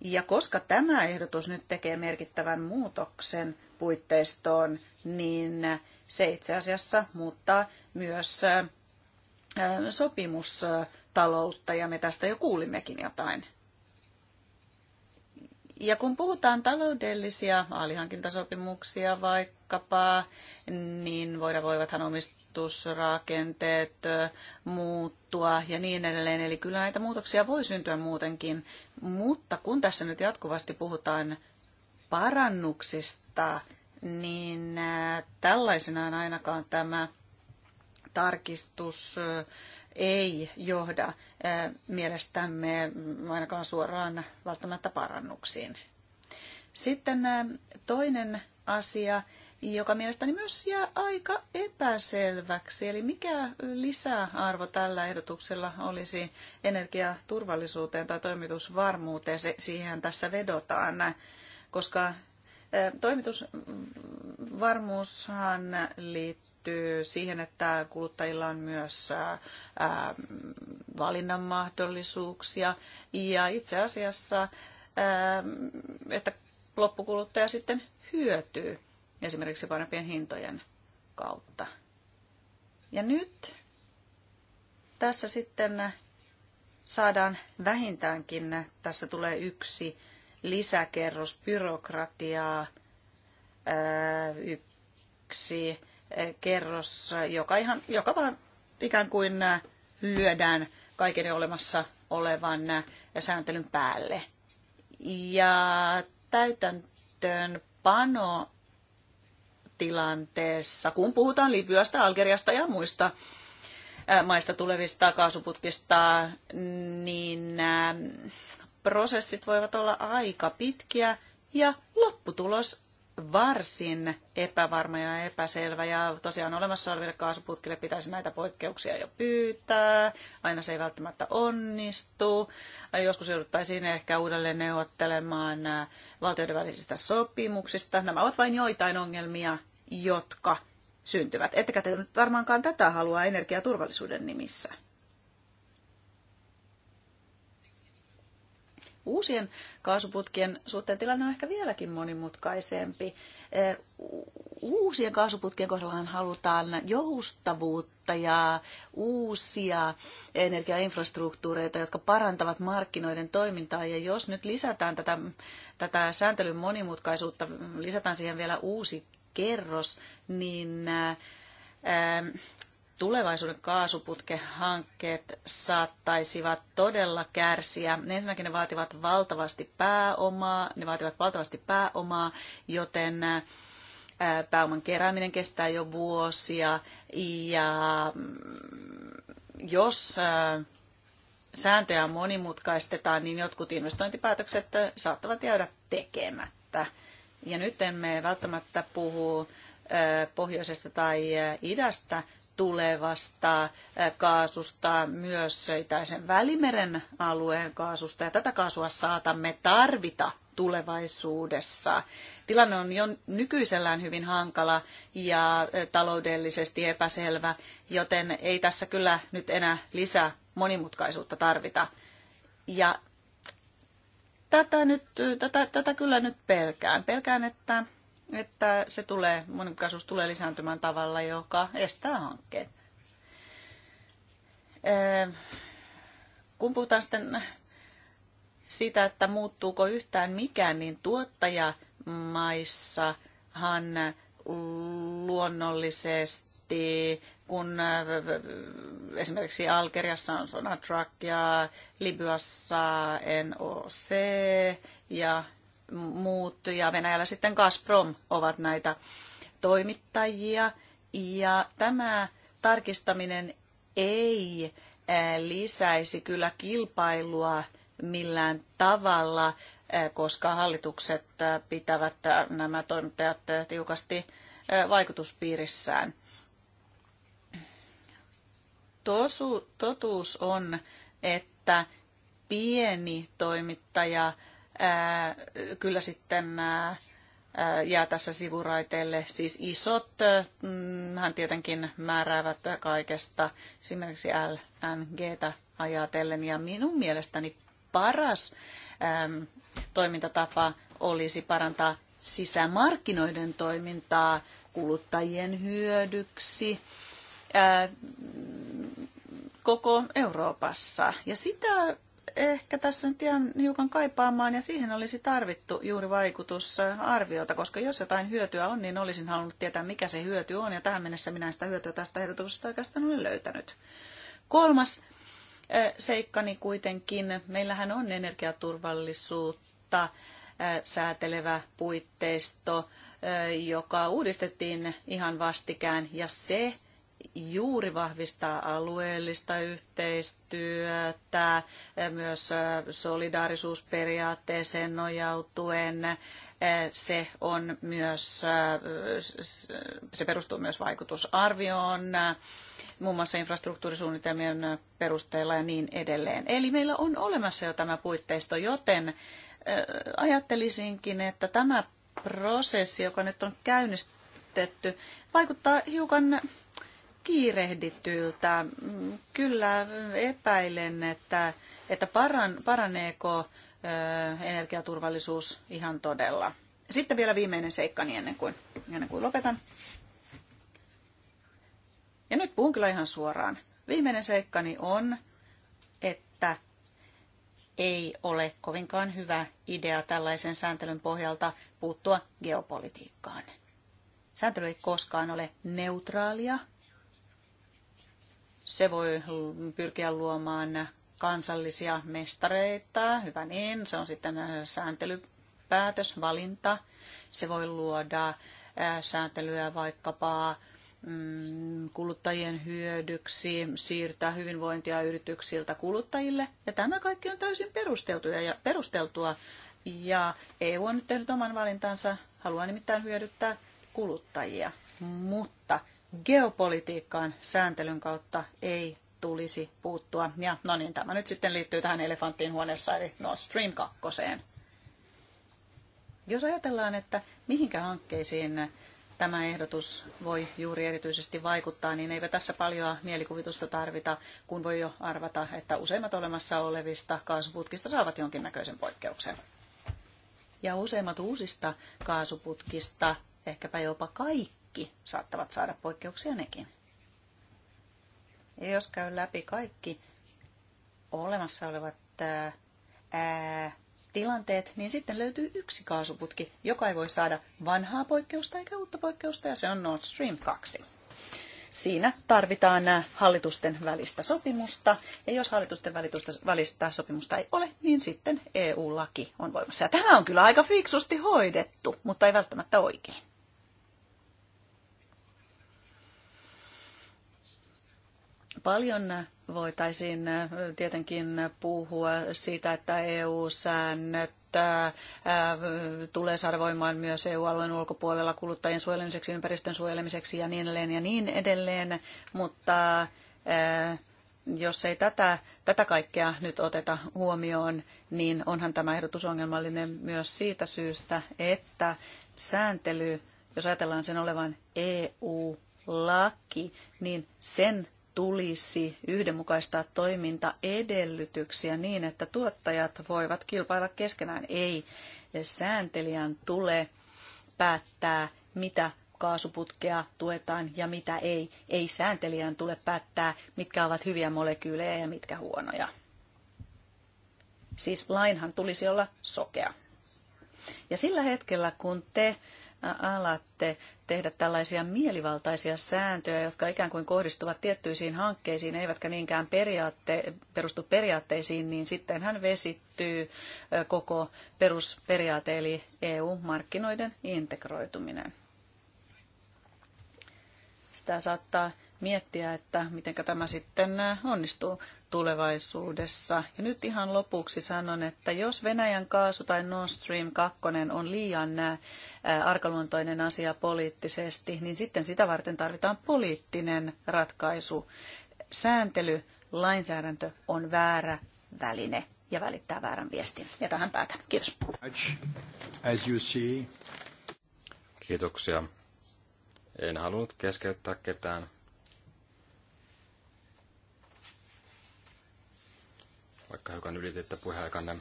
Ja koska tämä ehdotus nyt tekee merkittävän muutoksen puitteistoon, niin se itse asiassa muuttaa myös sopimustaloutta, ja me tästä jo kuulimmekin jotain ja kun puhutaan taloudellisia alihankintasopimuksia vaikkapa, niin voida, voivathan omistusrakenteet muuttua ja niin edelleen. Eli kyllä näitä muutoksia voi syntyä muutenkin, mutta kun tässä nyt jatkuvasti puhutaan parannuksista, niin tällaisenaan ainakaan tämä tarkistus ei johda eh, mielestämme ainakaan suoraan välttämättä parannuksiin. Sitten eh, toinen asia, joka mielestäni myös jää aika epäselväksi. Eli mikä lisäarvo tällä ehdotuksella olisi energiaturvallisuuteen tai toimitusvarmuuteen, siihen tässä vedotaan, koska eh, toimitusvarmuushan liittyy liittyy siihen, että kuluttajilla on myös valinnan mahdollisuuksia ja itse asiassa, että loppukuluttaja sitten hyötyy esimerkiksi parempien hintojen kautta. Ja nyt tässä sitten saadaan vähintäänkin, tässä tulee yksi lisäkerros byrokratiaa, yksi kerros, joka, ihan, joka vaan ikään kuin lyödään kaiken olemassa olevan sääntelyn päälle. Ja täytäntöön pano tilanteessa, kun puhutaan Libyasta, Algeriasta ja muista maista tulevista kaasuputkista, niin prosessit voivat olla aika pitkiä ja lopputulos varsin epävarma ja epäselvä ja tosiaan olemassa oleville kaasuputkille pitäisi näitä poikkeuksia jo pyytää. Aina se ei välttämättä onnistu. Joskus jouduttaisiin ehkä uudelleen neuvottelemaan äh, valtioiden välisistä sopimuksista. Nämä ovat vain joitain ongelmia, jotka syntyvät. Ettekä te nyt varmaankaan tätä halua energiaturvallisuuden nimissä. uusien kaasuputkien suhteen tilanne on ehkä vieläkin monimutkaisempi. Eh, uusien kaasuputkien kohdallahan halutaan joustavuutta ja uusia energiainfrastruktuureita, jotka parantavat markkinoiden toimintaa. Ja jos nyt lisätään tätä, tätä sääntelyn monimutkaisuutta, lisätään siihen vielä uusi kerros, niin eh, tulevaisuuden kaasuputkehankkeet saattaisivat todella kärsiä. Ensinnäkin ne vaativat valtavasti pääomaa, ne vaativat valtavasti pääomaa, joten pääoman kerääminen kestää jo vuosia ja mm, jos sääntöjä monimutkaistetaan, niin jotkut investointipäätökset saattavat jäädä tekemättä. Ja nyt emme välttämättä puhu pohjoisesta tai idästä, tulevasta kaasusta, myös Itäisen välimeren alueen kaasusta, ja tätä kaasua saatamme tarvita tulevaisuudessa. Tilanne on jo nykyisellään hyvin hankala ja taloudellisesti epäselvä, joten ei tässä kyllä nyt enää lisää monimutkaisuutta tarvita. Ja tätä, nyt, tätä, tätä kyllä nyt pelkään. Pelkään, että että se tulee, monimutkaisuus tulee lisääntymään tavalla, joka estää hankkeet. Öö, kun puhutaan sitten sitä, että muuttuuko yhtään mikään, niin tuottajamaissahan luonnollisesti, kun öö, esimerkiksi Algeriassa on Sonatrack ja Libyassa NOC ja muuttui ja Venäjällä sitten Gazprom ovat näitä toimittajia. Ja tämä tarkistaminen ei lisäisi kyllä kilpailua millään tavalla, koska hallitukset pitävät nämä toimittajat tiukasti vaikutuspiirissään. totuus on, että pieni toimittaja kyllä sitten jää tässä sivuraiteelle. Siis isot, mm, hän tietenkin määräävät kaikesta, esimerkiksi LNGtä ajatellen. Ja minun mielestäni paras toimintatapa olisi parantaa sisämarkkinoiden toimintaa kuluttajien hyödyksi koko Euroopassa. Ja sitä ehkä tässä nyt ihan hiukan kaipaamaan ja siihen olisi tarvittu juuri vaikutusarviota, koska jos jotain hyötyä on, niin olisin halunnut tietää, mikä se hyöty on ja tähän mennessä minä sitä hyötyä tästä ehdotuksesta oikeastaan olen löytänyt. Kolmas seikkani kuitenkin, meillähän on energiaturvallisuutta säätelevä puitteisto, joka uudistettiin ihan vastikään ja se juuri vahvistaa alueellista yhteistyötä, myös solidaarisuusperiaatteeseen nojautuen. Se, on myös, se perustuu myös vaikutusarvioon, muun muassa infrastruktuurisuunnitelmien perusteella ja niin edelleen. Eli meillä on olemassa jo tämä puitteisto, joten ajattelisinkin, että tämä prosessi, joka nyt on käynnistetty, vaikuttaa hiukan kiirehdityltä. Mm, kyllä epäilen, että, että paran, paraneeko energiaturvallisuus ihan todella. Sitten vielä viimeinen seikka niin ennen kuin, ennen kuin lopetan. Ja nyt puhun kyllä ihan suoraan. Viimeinen seikkani on, että ei ole kovinkaan hyvä idea tällaisen sääntelyn pohjalta puuttua geopolitiikkaan. Sääntely ei koskaan ole neutraalia – se voi pyrkiä luomaan kansallisia mestareita, hyvä niin, se on sitten äh, sääntelypäätös, valinta. Se voi luoda äh, sääntelyä vaikkapa mm, kuluttajien hyödyksi, siirtää hyvinvointia yrityksiltä kuluttajille. Ja tämä kaikki on täysin perusteltua ja, perusteltua. ja EU on nyt tehnyt oman valintansa, haluaa nimittäin hyödyttää kuluttajia. Mutta geopolitiikkaan sääntelyn kautta ei tulisi puuttua. Ja no niin, tämä nyt sitten liittyy tähän elefanttiin huoneessa, eli Nord Stream 2. Jos ajatellaan, että mihinkä hankkeisiin tämä ehdotus voi juuri erityisesti vaikuttaa, niin eipä tässä paljon mielikuvitusta tarvita, kun voi jo arvata, että useimmat olemassa olevista kaasuputkista saavat jonkinnäköisen poikkeuksen. Ja useimmat uusista kaasuputkista, ehkäpä jopa kaikki, kaikki saattavat saada poikkeuksia nekin. Ja jos käy läpi kaikki olemassa olevat ää, tilanteet, niin sitten löytyy yksi kaasuputki, joka ei voi saada vanhaa poikkeusta eikä uutta poikkeusta, ja se on Nord Stream 2. Siinä tarvitaan hallitusten välistä sopimusta, ja jos hallitusten välistä sopimusta ei ole, niin sitten EU-laki on voimassa. Ja tämä on kyllä aika fiksusti hoidettu, mutta ei välttämättä oikein. Paljon voitaisiin äh, tietenkin puhua siitä, että EU-säännöt äh, tulee saada voimaan myös EU-alueen ulkopuolella kuluttajien suojelemiseksi, ympäristön suojelemiseksi ja niin edelleen ja niin edelleen, mutta äh, jos ei tätä, tätä kaikkea nyt oteta huomioon, niin onhan tämä ehdotus ongelmallinen myös siitä syystä, että sääntely, jos ajatellaan sen olevan EU-laki, niin sen tulisi yhdenmukaistaa toimintaedellytyksiä niin, että tuottajat voivat kilpailla keskenään. Ei sääntelijän tule päättää, mitä kaasuputkea tuetaan ja mitä ei. Ei sääntelijän tule päättää, mitkä ovat hyviä molekyylejä ja mitkä huonoja. Siis lainhan tulisi olla sokea. Ja sillä hetkellä, kun te alatte tehdä tällaisia mielivaltaisia sääntöjä, jotka ikään kuin kohdistuvat tiettyisiin hankkeisiin, eivätkä niinkään periaatte, perustu periaatteisiin, niin sitten hän vesittyy koko perusperiaate eli EU-markkinoiden integroituminen. Sitä saattaa miettiä, että miten tämä sitten onnistuu tulevaisuudessa. Ja nyt ihan lopuksi sanon, että jos Venäjän kaasu tai Nord Stream 2 on liian nää arkaluontoinen asia poliittisesti, niin sitten sitä varten tarvitaan poliittinen ratkaisu. Sääntely, lainsäädäntö on väärä väline ja välittää väärän viestin. Ja tähän päätän. Kiitos. As you see. Kiitoksia. En halunnut keskeyttää ketään, vaikka hiukan ylititte puheaikanne.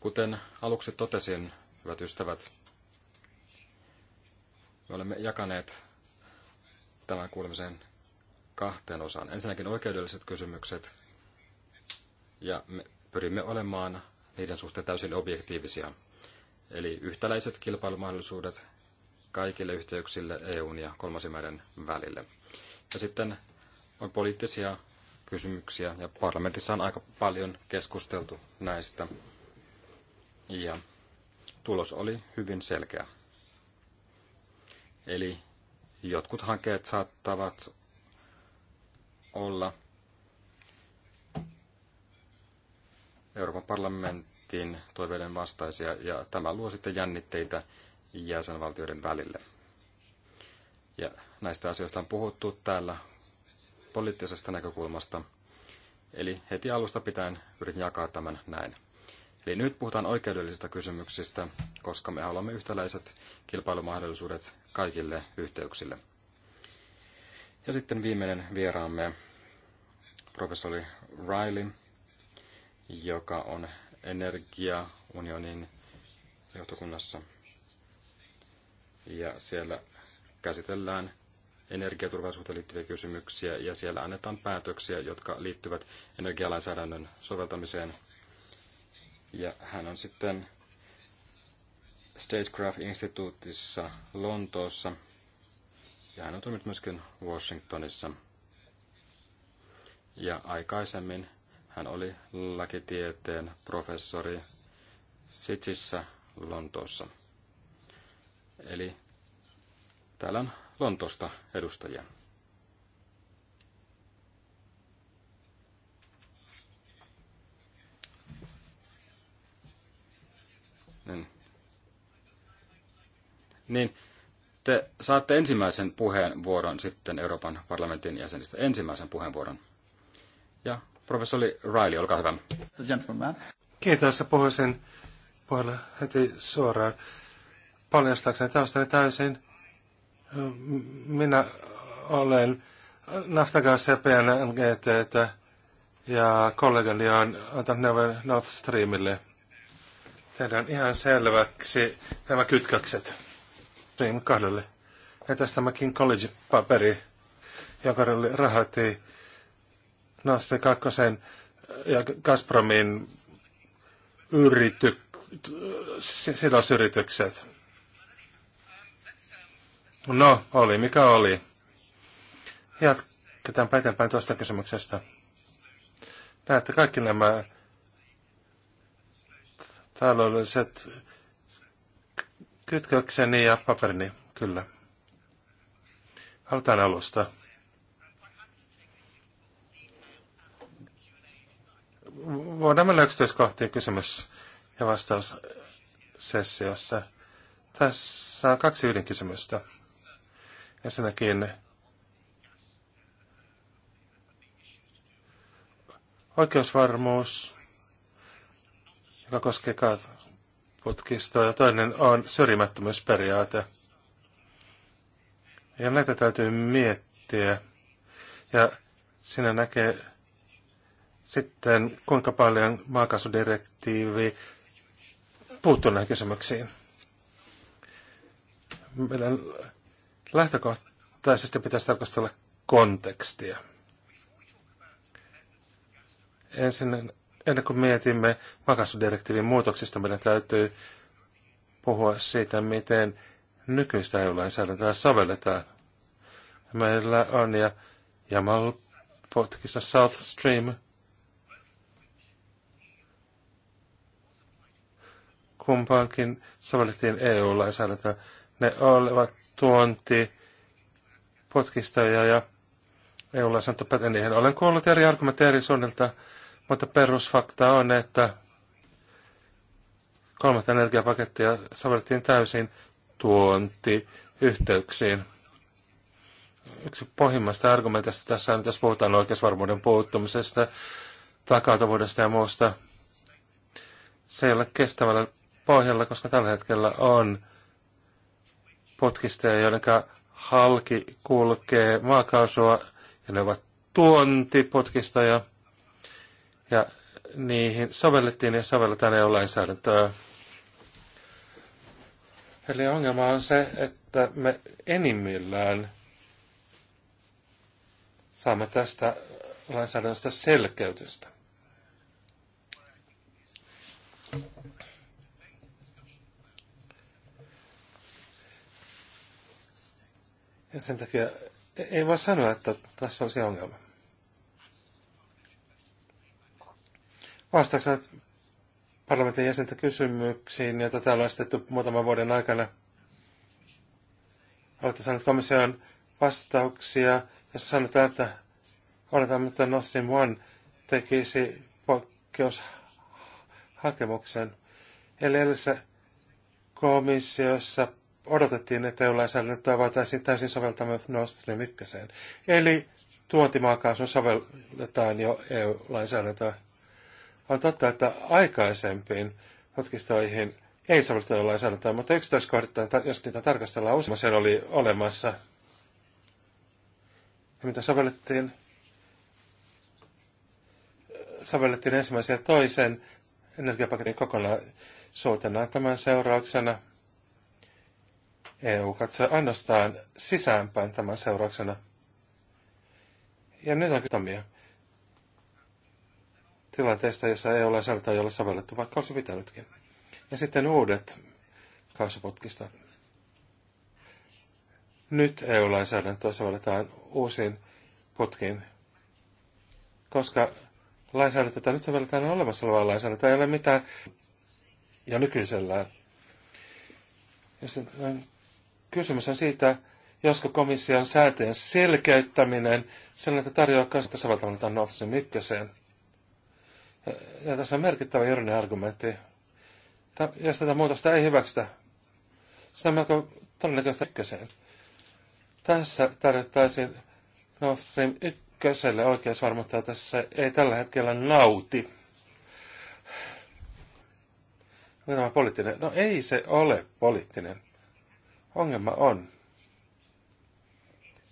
Kuten aluksi totesin, hyvät ystävät, me olemme jakaneet tämän kuulemisen kahteen osaan. Ensinnäkin oikeudelliset kysymykset, ja me pyrimme olemaan niiden suhteen täysin objektiivisia. Eli yhtäläiset kilpailumahdollisuudet kaikille yhteyksille EUn ja kolmasimäiden välille. Ja sitten on poliittisia kysymyksiä ja parlamentissa on aika paljon keskusteltu näistä ja tulos oli hyvin selkeä. Eli jotkut hankkeet saattavat olla Euroopan parlamentin toiveiden vastaisia ja tämä luo sitten jännitteitä jäsenvaltioiden välille. Ja näistä asioista on puhuttu täällä poliittisesta näkökulmasta. Eli heti alusta pitäen yritin jakaa tämän näin. Eli nyt puhutaan oikeudellisista kysymyksistä, koska me haluamme yhtäläiset kilpailumahdollisuudet kaikille yhteyksille. Ja sitten viimeinen vieraamme, professori Riley, joka on energiaunionin johtokunnassa. Ja siellä käsitellään energiaturvallisuuteen liittyviä kysymyksiä, ja siellä annetaan päätöksiä, jotka liittyvät energialainsäädännön soveltamiseen. Ja hän on sitten Statecraft-instituutissa Lontoossa, ja hän on toiminut myöskin Washingtonissa. Ja aikaisemmin hän oli lakitieteen professori Sitsissä Lontoossa. Eli täällä on Lontosta edustajia. Niin. niin, te saatte ensimmäisen puheenvuoron sitten Euroopan parlamentin jäsenistä. Ensimmäisen puheenvuoron. Ja professori Riley, olkaa hyvä. Kiitos, puhuisin puheella heti suoraan paljastaakseni taustani täysin. Minä olen Naftagas ja PNGT ja kollegani on antanut neuvon Nord Streamille. Tehdään ihan selväksi nämä kytkökset Stream kahdelle. Ja tästä mäkin college-paperi, joka rahati Nord Stream kakkosen ja Gazpromin yritykset sidosyritykset. No, oli mikä oli. Jatketaanpa eteenpäin tuosta kysymyksestä. Näette kaikki nämä taloudelliset kytkökseni ja paperini, kyllä. Halutaan alusta. Voidaan mennä yksityiskohtiin kysymys- ja vastaussessiossa. Tässä on kaksi ydinkysymystä. kysymystä. Ensinnäkin oikeusvarmuus, joka koskee putkistoa, ja toinen on syrjimättömyysperiaate. Ja näitä täytyy miettiä. Ja sinä näkee sitten, kuinka paljon maakasudirektiivi puuttuu näihin kysymyksiin. Meidän Lähtökohtaisesti pitäisi tarkastella kontekstia. Ensin, ennen kuin mietimme makasudirektiivin muutoksista, meidän täytyy puhua siitä, miten nykyistä EU-lainsäädäntöä sovelletaan. Meillä on ja Jamal Potkissa South Stream kumpaankin sovellettiin EU-lainsäädäntöä ne olivat tuonti potkistajia ja ei ole sanottu päte niihin. Olen kuullut eri argumentteja eri suunnilta, mutta perusfakta on, että kolmatta energiapakettia sovellettiin täysin tuontiyhteyksiin. Yksi pohjimmasta argumentista tässä on, jos puhutaan oikeusvarmuuden puuttumisesta, takautuvuudesta ja muusta. Se ei ole kestävällä pohjalla, koska tällä hetkellä on putkista, joiden halki kulkee maakaasua, ja ne ovat tuontiputkista, ja, ja niihin sovellettiin ja sovelletaan EU-lainsäädäntöä. Eli ongelma on se, että me enimmillään saamme tästä lainsäädännöstä selkeytystä. Ja sen takia ei voi sanoa, että tässä on se ongelma. Vastaaksena parlamentin jäsentä kysymyksiin, joita täällä on esitetty muutaman vuoden aikana. Olette saaneet komission vastauksia, jossa sanotaan, että odotetaan, että Nossin One tekisi poikkeushakemuksen. Eli edellisessä komissiossa odotettiin, että EU-lainsäädäntöä voitaisiin täysin soveltaa myös Nord Stream 1. Eli tuontimaakaasun sovelletaan jo EU-lainsäädäntöä. On totta, että aikaisempiin tutkistoihin ei sovellettu EU-lainsäädäntöä, mutta yksityiskohdittain, jos niitä tarkastellaan usein, se oli olemassa. Ja mitä sovellettiin? Sovellettiin ensimmäisen ja toisen energiapaketin kokonaisuutena tämän seurauksena – EU katsoi ainoastaan sisäänpäin tämän seurauksena. Ja nyt on kytämiä tilanteesta, jossa e ei ole säädötä, jolla sovellettu, vaikka olisi pitänytkin. Ja sitten uudet kaasuputkista. Nyt EU-lainsäädäntöä sovelletaan uusiin putkiin, koska lainsäädäntö, jota nyt sovelletaan, olemassa olevaa lainsäädäntöä, ei ole mitään Ja nykyisellään. Ja sitten Kysymys on siitä, josko komission säätöjen selkeyttäminen sillä, että tarjoaa myös tasavaltavaltaan Nord Stream 1. Ja tässä on merkittävä juridinen argumentti. Jos tätä muutosta ei hyväksytä, sitä on melko todennäköistä ykköseen. Tässä tarjottaisiin Nord Stream 1 oikeusvarmuutta, tässä ei tällä hetkellä nauti. Onko tämä poliittinen? No ei se ole poliittinen. Ongelma on,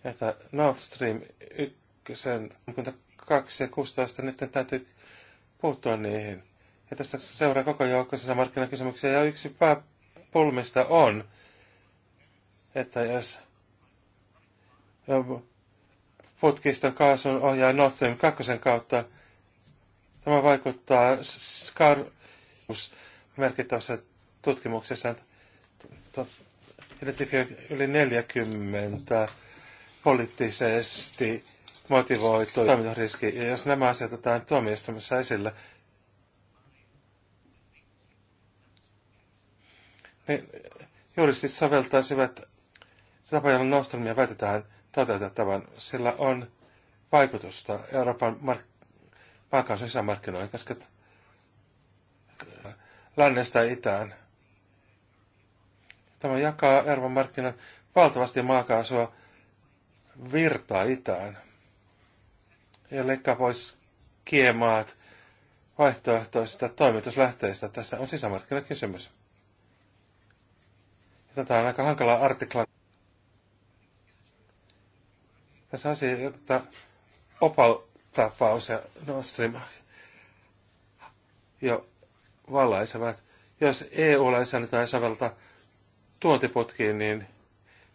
että Nord Stream 1, 2 ja 16, nyt täytyy puuttua niihin. Ja tästä seuraa koko joukko sisämarkkinakysymyksiä. Ja yksi pääpulmista on, että jos putkiston kaasun ohjaa Nord Stream 2 kautta, tämä vaikuttaa Scar merkittävässä tutkimuksessa identifioi yli 40 poliittisesti motivoitua toimintariski. Ja jos nämä asiat otetaan tuomioistuimessa esille, niin juristit soveltaisivat se tapa, jolla nostelmia väitetään toteutettavan. Sillä on vaikutusta Euroopan mark- maakaasun sisämarkkinoihin, koska lännestä itään. Tämä jakaa markkinat valtavasti maakaasua virtaa itään ja leikkaa pois kiemaat vaihtoehtoisista toimituslähteistä. Tässä on sisämarkkinakysymys. Ja tätä on aika hankala artikla. Tässä asia, jota Opal-tapaus ja Nord Stream jo valaisevat. Jos eu laisen tai sovelta tuontipotkiin, niin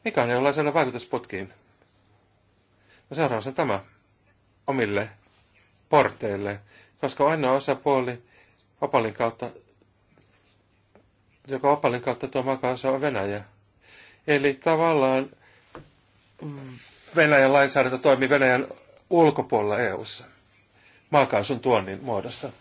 mikä on jollaisella vaikutus potkiin? No seuraavaksi on tämä omille porteille, koska ainoa osapuoli opalin kautta, joka opalin kautta tuo makaansa on Venäjä. Eli tavallaan Venäjän lainsäädäntö toimii Venäjän ulkopuolella EU-ssa maakaasun tuonnin muodossa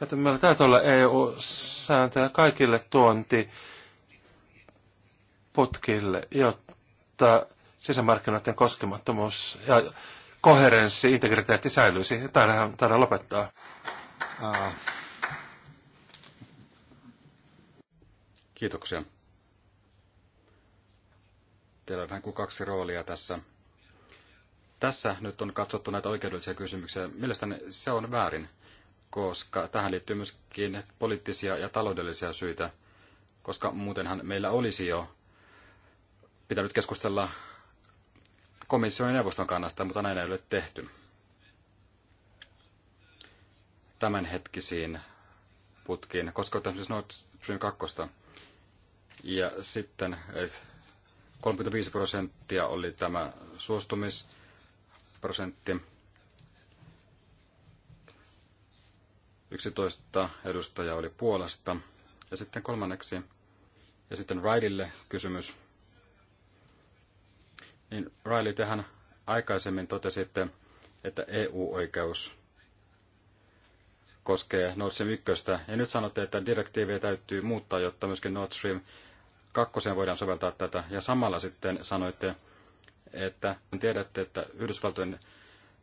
että meillä täytyy olla EU-sääntöjä kaikille tuontiputkille, jotta sisämarkkinoiden koskemattomuus ja koherenssi, integriteetti säilyisi. Tämähän taidaan lopettaa. Aa. Kiitoksia. Teillä on vähän kuin kaksi roolia tässä. Tässä nyt on katsottu näitä oikeudellisia kysymyksiä. Mielestäni se on väärin koska tähän liittyy myöskin poliittisia ja taloudellisia syitä, koska muutenhan meillä olisi jo pitänyt keskustella komission ja neuvoston kannasta, mutta näin ei ole tehty. Tämänhetkisiin putkiin, koska tämmöisessä Nord Stream 2. Ja sitten 35 prosenttia oli tämä suostumisprosentti. 11 edustajaa oli Puolasta. Ja sitten kolmanneksi, ja sitten Rileylle kysymys. Niin Riley, tehän aikaisemmin totesitte, että EU-oikeus koskee Nord Stream 1. Ja nyt sanotte, että direktiiviä täytyy muuttaa, jotta myöskin Nord Stream 2 voidaan soveltaa tätä. Ja samalla sitten sanoitte, että tiedätte, että Yhdysvaltojen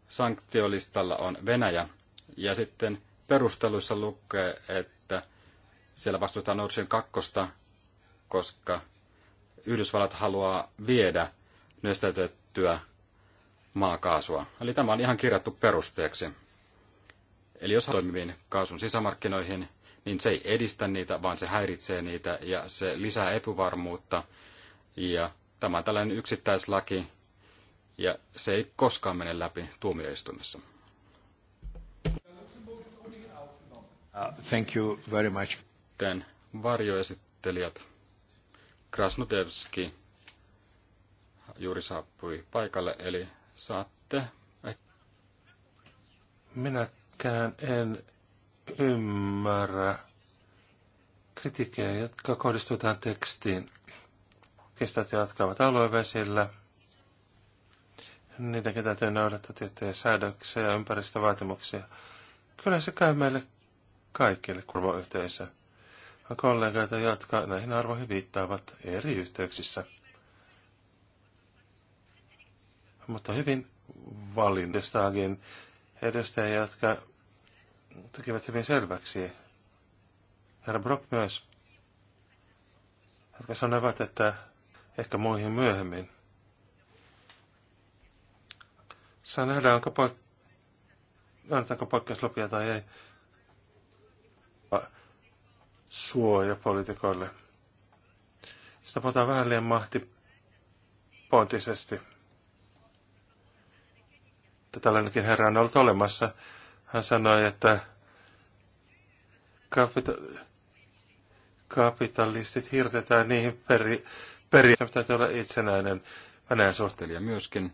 sanktiolistalla on Venäjä. Ja sitten perusteluissa lukee, että siellä vastustetaan Nord Stream 2, koska Yhdysvallat haluaa viedä nestäytettyä maakaasua. Eli tämä on ihan kirjattu perusteeksi. Eli jos toimiviin kaasun sisämarkkinoihin, niin se ei edistä niitä, vaan se häiritsee niitä ja se lisää epävarmuutta. Ja tämä on tällainen yksittäislaki ja se ei koskaan mene läpi tuomioistuimessa. Uh, thank you very much. Sitten varjoesittelijät. Krasnodevski juuri saapui paikalle, eli saatte. Minäkään en ymmärrä kritiikkejä, jotka kohdistuvat tähän tekstiin. Kestät jatkavat aluevesillä. Niidenkin täytyy noudattaa tiettyjä säädöksiä ja ympäristövaatimuksia. Kyllä se käy meille kaikille kuuluva ja Kollegoita, jotka näihin arvoihin viittaavat eri yhteyksissä. Mutta hyvin valintestaakin edustajia, jotka tekivät hyvin selväksi. Herra Brock myös, jotka sanoivat, että ehkä muihin myöhemmin. Saa nähdä, onko poik- annetaanko poikkeuslupia tai ei suoja poliitikoille. Sitä puhutaan vähän liian mahtipontisesti. Tällainenkin herra on ollut olemassa. Hän sanoi, että kapita- kapitalistit hirtetään niihin peri- peri- täytyy olla itsenäinen Venäjän suhtelija myöskin.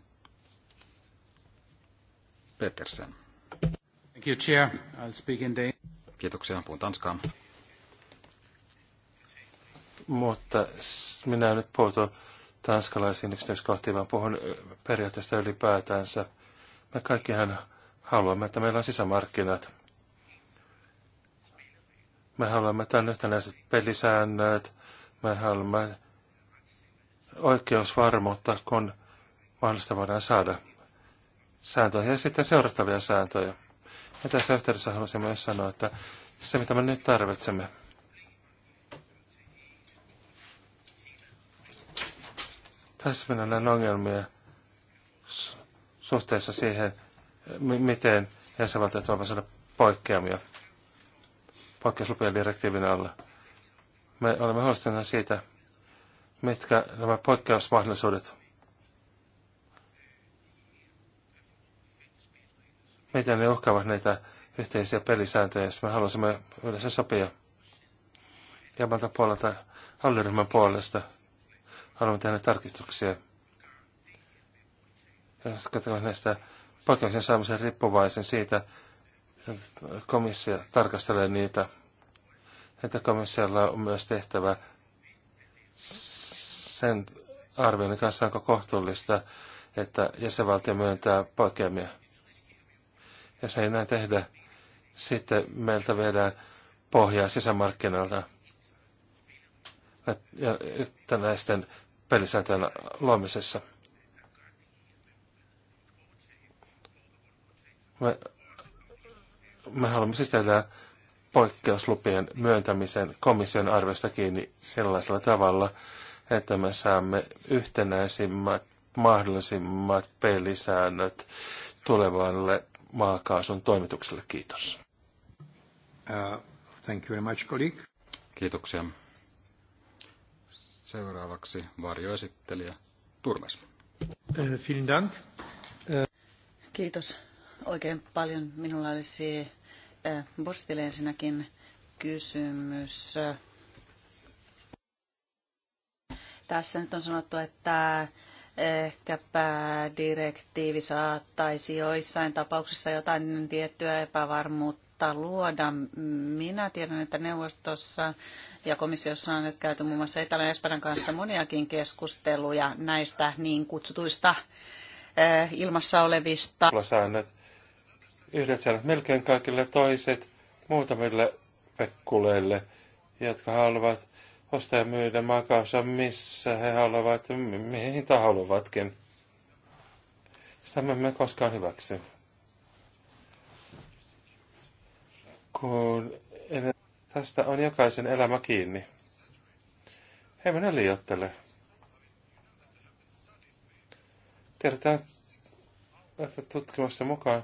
Petersen. Thank you, Chair. I'll speak in the Kiitoksia, puhun Tanskaa. Mutta minä en nyt puutu tanskalaisiin yksityiskohtiin, vaan puhun periaatteesta ylipäätänsä. Me kaikkihan haluamme, että meillä on sisämarkkinat. Me haluamme tämän yhtenäiset pelisäännöt. Me haluamme oikeusvarmuutta, kun mahdollista voidaan saada sääntöjä ja sitten seurattavia sääntöjä. Ja tässä yhteydessä haluaisin myös sanoa, että se mitä me nyt tarvitsemme, tässä minä on ongelmia suhteessa siihen, miten jäsenvaltiot voivat saada poikkeamia poikkeuslupien direktiivin alla. Me olemme huolestuneita siitä, mitkä nämä poikkeusmahdollisuudet miten ne uhkaavat näitä yhteisiä pelisääntöjä, jos me haluaisimme yleensä sopia jämältä puolelta halliryhmän puolesta. Haluamme tehdä tarkistuksia. Jos katsotaan näistä poikkeuksen saamisen riippuvaisen siitä, että komissio tarkastelee niitä, että komissiolla on myös tehtävä sen arvioinnin kanssa, onko kohtuullista, että jäsenvaltio myöntää poikkeamia se ei enää tehdä, sitten meiltä viedään pohjaa sisämarkkinoilta ja yhtenäisten pelisääntöjen luomisessa. Me, me haluamme siis tehdä poikkeuslupien myöntämisen komission arvesta kiinni sellaisella tavalla, että me saamme yhtenäisimmät mahdollisimmat pelisäännöt tulevalle maakaasun toimitukselle. Kiitos. Uh, thank you very much, colleague. Kiitoksia. Seuraavaksi varjoesittelijä Turmes. Uh, vielen dank. Uh... Kiitos oikein paljon. Minulla olisi uh, Bostille ensinnäkin kysymys. Tässä nyt on sanottu, että ehkäpä direktiivi saattaisi joissain tapauksissa jotain tiettyä epävarmuutta luoda. Minä tiedän, että neuvostossa ja komissiossa on nyt käyty muun muassa Italian ja Espanjan kanssa moniakin keskusteluja näistä niin kutsutuista eh, ilmassa olevista. Säännöt. Yhdet säännöt melkein kaikille toiset, muutamille pekkuleille, jotka haluavat ostaa ja myydä makaansa missä he haluavat, mihin ta haluavatkin. Sitä me emme koskaan hyväksy. Kun tästä on jokaisen elämä kiinni. He mennä liiottele. Tiedetään, että tutkimusten mukaan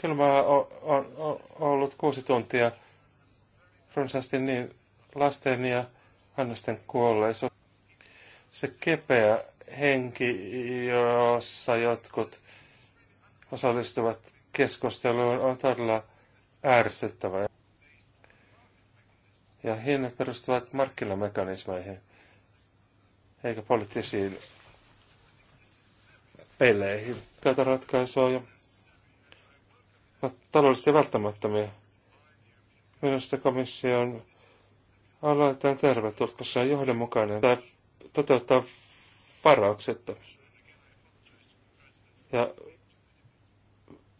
kylmää on, on ollut kuusi tuntia runsaasti niin lasten ja vanhusten kuolleisuus. Se kepeä henki, jossa jotkut osallistuvat keskusteluun, on todella ärsyttävää. Ja hinnat perustuvat markkinamekanismeihin, eikä poliittisiin peleihin. Tätä ratkaisua ja no, taloudellisesti välttämättömiä. Minusta komission aloitetaan tervetullut, koska se on johdonmukainen Tämä toteuttaa varauksetta. Ja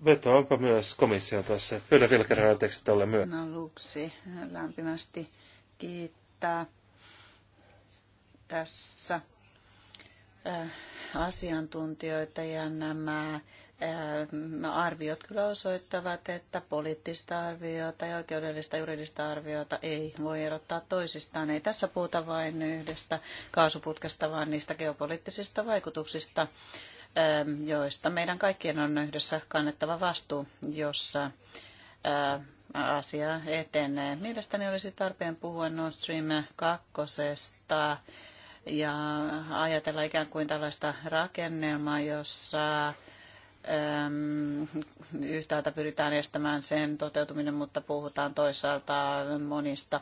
vetoanpa myös komissio tässä. Pyydän vielä kerran anteeksi tälle myös. No, luksi. lämpimästi kiittää tässä äh, asiantuntijoita ja nämä No, arviot kyllä osoittavat, että poliittista arviota ja oikeudellista juridista arviota ei voi erottaa toisistaan. Ei tässä puhuta vain yhdestä kaasuputkesta, vaan niistä geopoliittisista vaikutuksista, joista meidän kaikkien on yhdessä kannettava vastuu, jossa asia etenee. Mielestäni olisi tarpeen puhua Nord Stream 2 ja ajatella ikään kuin tällaista rakennelmaa, jossa yhtäältä pyritään estämään sen toteutuminen, mutta puhutaan toisaalta monista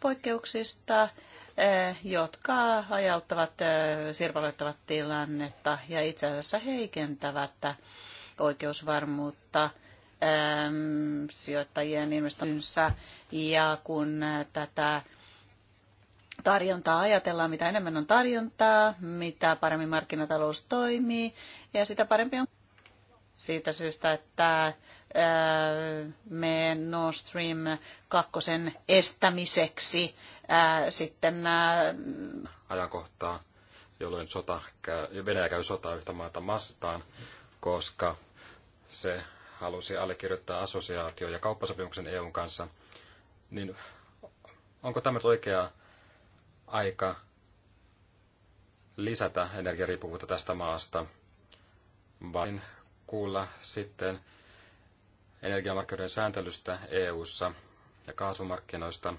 poikkeuksista, jotka ajauttavat, sirpaloittavat tilannetta ja itse asiassa heikentävät oikeusvarmuutta sijoittajien investointinsa. Ja kun tätä tarjontaa ajatellaan, mitä enemmän on tarjontaa, mitä paremmin markkinatalous toimii ja sitä parempi on siitä syystä, että me Nord Stream 2 estämiseksi sitten ajankohtaa, jolloin sota käy, Venäjä käy sotaa yhtä maata vastaan, koska se halusi allekirjoittaa assosiaatio- ja kauppasopimuksen EUn kanssa, niin onko tämä oikea aika lisätä energiariippuvuutta tästä maasta, vain kuulla sitten energiamarkkinoiden sääntelystä EU:ssa ja kaasumarkkinoista.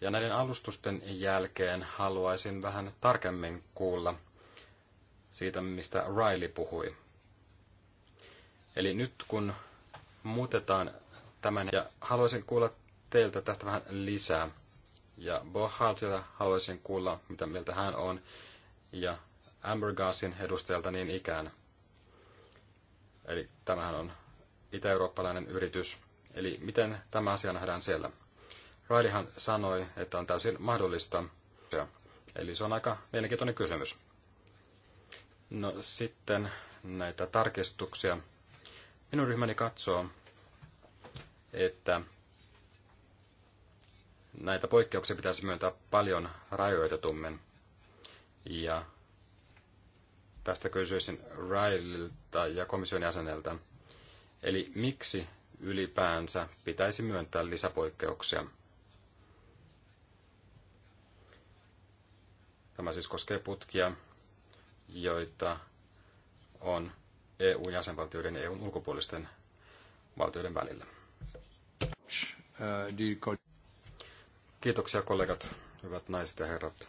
Ja näiden alustusten jälkeen haluaisin vähän tarkemmin kuulla siitä, mistä Riley puhui. Eli nyt kun muutetaan tämän, ja haluaisin kuulla teiltä tästä vähän lisää. Ja Bohaltilta haluaisin kuulla, mitä mieltä hän on, ja Ambergasin edustajalta niin ikään. Eli tämähän on itä-eurooppalainen yritys. Eli miten tämä asia nähdään siellä? Railihan sanoi, että on täysin mahdollista. Eli se on aika mielenkiintoinen kysymys. No sitten näitä tarkistuksia. Minun ryhmäni katsoo, että näitä poikkeuksia pitäisi myöntää paljon rajoitetummin. Ja Tästä kysyisin Raililta ja komission jäseneltä. Eli miksi ylipäänsä pitäisi myöntää lisäpoikkeuksia? Tämä siis koskee putkia, joita on EU-jäsenvaltioiden ja EU ulkopuolisten valtioiden välillä. Äh, Kiitoksia kollegat, hyvät naiset ja herrat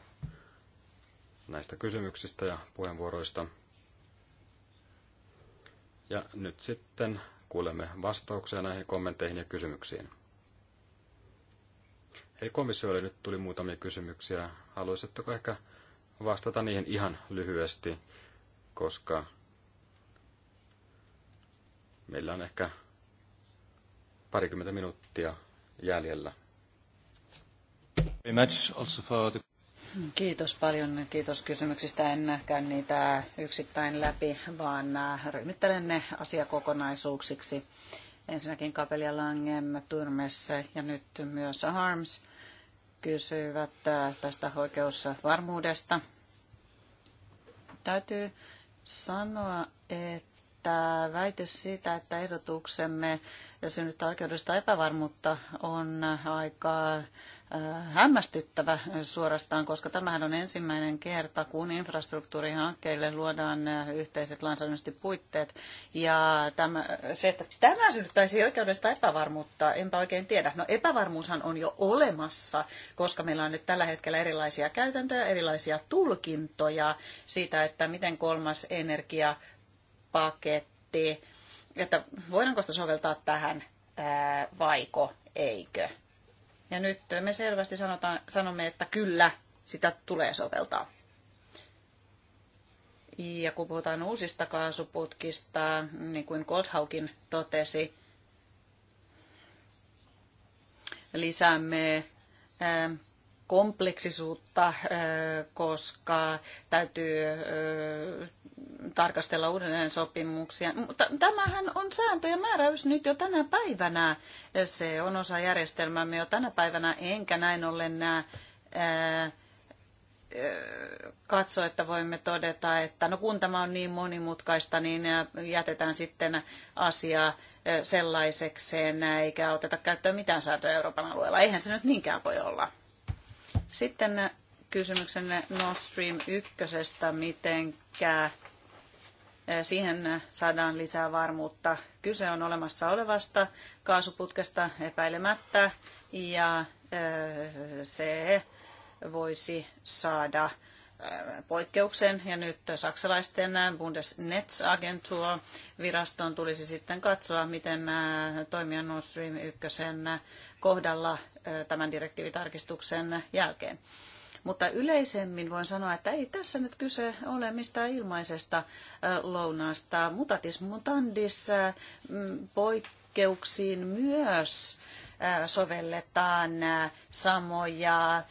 näistä kysymyksistä ja puheenvuoroista. Ja nyt sitten kuulemme vastauksia näihin kommentteihin ja kysymyksiin. Hei komissiolle nyt tuli muutamia kysymyksiä. Haluaisitteko ehkä vastata niihin ihan lyhyesti, koska meillä on ehkä parikymmentä minuuttia jäljellä. Very much also for the... Kiitos paljon. Kiitos kysymyksistä. En käy niitä yksittäin läpi, vaan äh, ryhmittelen ne asiakokonaisuuksiksi. Ensinnäkin Kapelia Langem, Turmes ja nyt myös Harms kysyivät äh, tästä oikeusvarmuudesta. Täytyy sanoa, että väite siitä, että ehdotuksemme synnyttää oikeudesta epävarmuutta on aika hämmästyttävä suorastaan, koska tämähän on ensimmäinen kerta, kun infrastruktuurihankkeille luodaan yhteiset lainsäädännölliset puitteet. Ja tämä, se, että tämä synnyttäisi oikeudesta epävarmuutta, enpä oikein tiedä. No epävarmuushan on jo olemassa, koska meillä on nyt tällä hetkellä erilaisia käytäntöjä, erilaisia tulkintoja siitä, että miten kolmas energiapaketti, että voidaanko sitä soveltaa tähän vaiko eikö. Ja nyt me selvästi sanotaan, sanomme, että kyllä, sitä tulee soveltaa. Ja kun puhutaan uusista kaasuputkista, niin kuin Goldhaukin totesi, lisäämme kompleksisuutta, koska täytyy tarkastella uudelleen sopimuksia. Mutta tämähän on sääntö ja määräys nyt jo tänä päivänä. Se on osa järjestelmämme jo tänä päivänä, enkä näin ollen näe katso, että voimme todeta, että no kun tämä on niin monimutkaista, niin jätetään sitten asia sellaisekseen, eikä oteta käyttöön mitään sääntöjä Euroopan alueella. Eihän se nyt niinkään voi olla. Sitten kysymyksenne Nord Stream 1, miten eh, siihen saadaan lisää varmuutta. Kyse on olemassa olevasta kaasuputkesta epäilemättä ja eh, se voisi saada poikkeuksen ja nyt saksalaisten Bundesnetzagentur viraston tulisi sitten katsoa, miten äh, toimia Nord Stream 1 äh, kohdalla äh, tämän direktiivitarkistuksen jälkeen. Mutta yleisemmin voin sanoa, että ei tässä nyt kyse ole mistään ilmaisesta lounaasta. Mutatis mutandis poikkeuksiin myös sovelletaan samoja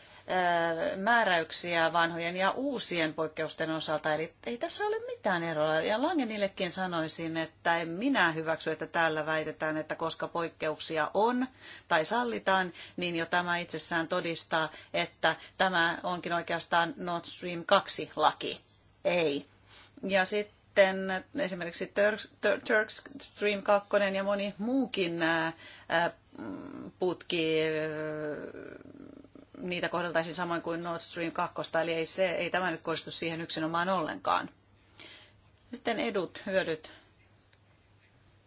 määräyksiä vanhojen ja uusien poikkeusten osalta. Eli ei tässä ole mitään eroa. Ja Langenillekin sanoisin, että en minä hyväksy, että täällä väitetään, että koska poikkeuksia on tai sallitaan, niin jo tämä itsessään todistaa, että tämä onkin oikeastaan Nord Stream 2-laki. Ei. Ja sitten sitten esimerkiksi Turks, Turks Stream 2 ja moni muukin putki niitä kohdeltaisiin samoin kuin Nord Stream 2, eli ei, se, ei tämä nyt koistu siihen yksinomaan ollenkaan. Sitten edut, hyödyt.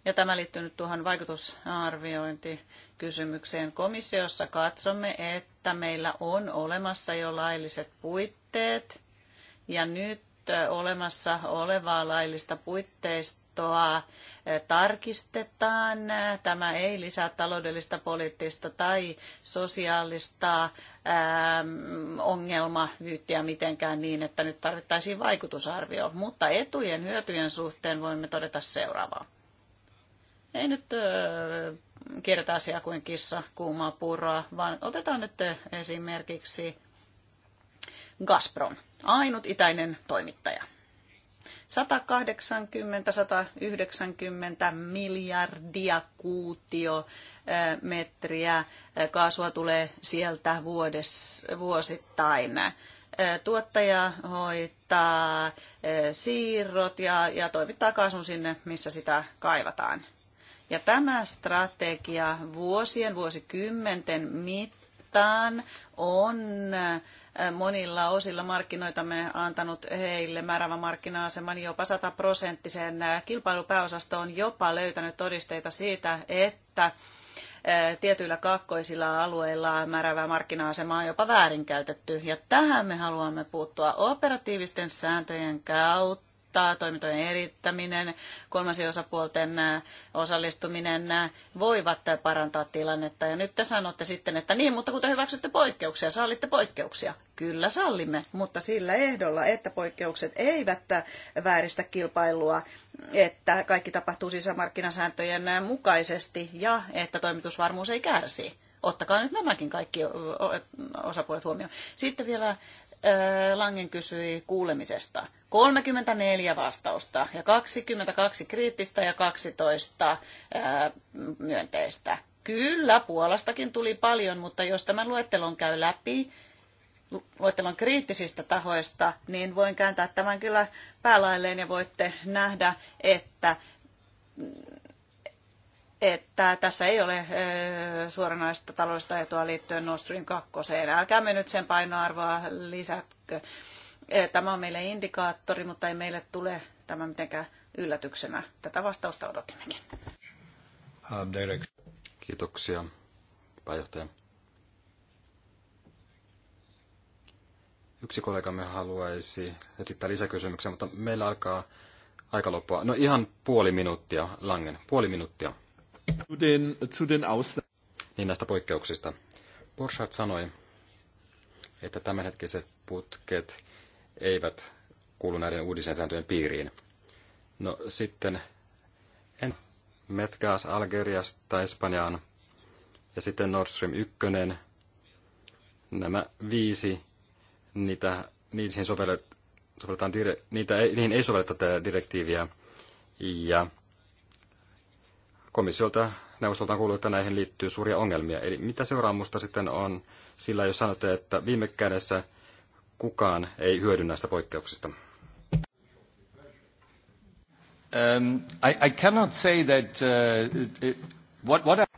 Ja tämä liittyy nyt tuohon vaikutusarviointikysymykseen. Komissiossa katsomme, että meillä on olemassa jo lailliset puitteet, ja nyt olemassa olevaa laillista puitteista kattoa eh, tarkistetaan. Tämä ei lisää taloudellista, poliittista tai sosiaalista ähm, ongelmavyyttiä mitenkään niin, että nyt tarvittaisiin vaikutusarvio. Mutta etujen hyötyjen suhteen voimme todeta seuraavaa. Ei nyt äh, kierretä asiaa kuin kissa kuumaa puuroa, vaan otetaan nyt äh, esimerkiksi Gazprom, ainut itäinen toimittaja. 180-190 miljardia kuutiometriä kaasua tulee sieltä vuodessa, vuosittain tuottaja hoitaa siirrot ja, ja toimittaa kaasun sinne, missä sitä kaivataan. Ja tämä strategia vuosien, vuosikymmenten mittaan on monilla osilla markkinoitamme antanut heille määrävän markkina-aseman jopa 100 prosenttisen. Kilpailupääosasto on jopa löytänyt todisteita siitä, että tietyillä kaakkoisilla alueilla määrävää markkina-asemaa on jopa väärinkäytetty. Ja tähän me haluamme puuttua operatiivisten sääntöjen kautta valvonta, toimintojen erittäminen, kolmansien osapuolten osallistuminen voivat parantaa tilannetta. Ja nyt te sanotte sitten, että niin, mutta kun te hyväksytte poikkeuksia, sallitte poikkeuksia. Kyllä sallimme, mutta sillä ehdolla, että poikkeukset eivät vääristä kilpailua, että kaikki tapahtuu sisämarkkinasääntöjen mukaisesti ja että toimitusvarmuus ei kärsi ottakaa nyt nämäkin kaikki osapuolet huomioon. Sitten vielä Langen kysyi kuulemisesta. 34 vastausta ja 22 kriittistä ja 12 myönteistä. Kyllä, Puolastakin tuli paljon, mutta jos tämän luettelon käy läpi, luettelon kriittisistä tahoista, niin voin kääntää tämän kyllä päälailleen ja voitte nähdä, että että tässä ei ole suoranaista taloudellista etua liittyen Nord Stream 2. Älkää me nyt sen painoarvoa lisätkö. Tämä on meille indikaattori, mutta ei meille tule tämä mitenkään yllätyksenä. Tätä vastausta odotimmekin. Ah, Kiitoksia, pääjohtaja. Yksi kollegamme haluaisi esittää lisäkysymyksen, mutta meillä alkaa aika loppua. No ihan puoli minuuttia, Langen, puoli minuuttia. Niin näistä poikkeuksista. Borchardt sanoi, että tämänhetkiset putket eivät kuulu näiden uudisen sääntöjen piiriin. No sitten en Metgas Algeriasta Espanjaan ja sitten Nord Stream 1. Nämä viisi, niitä, niitä sovellet, sovelletaan, niitä ei, niihin ei sovelleta tätä direktiiviä ja komissiolta neuvostolta on kuullut, että näihin liittyy suuria ongelmia. Eli mitä seuraamusta sitten on sillä, jos sanotte, että viime kädessä kukaan ei hyödy näistä poikkeuksista? Um, I, I cannot say that uh, it, what, what I...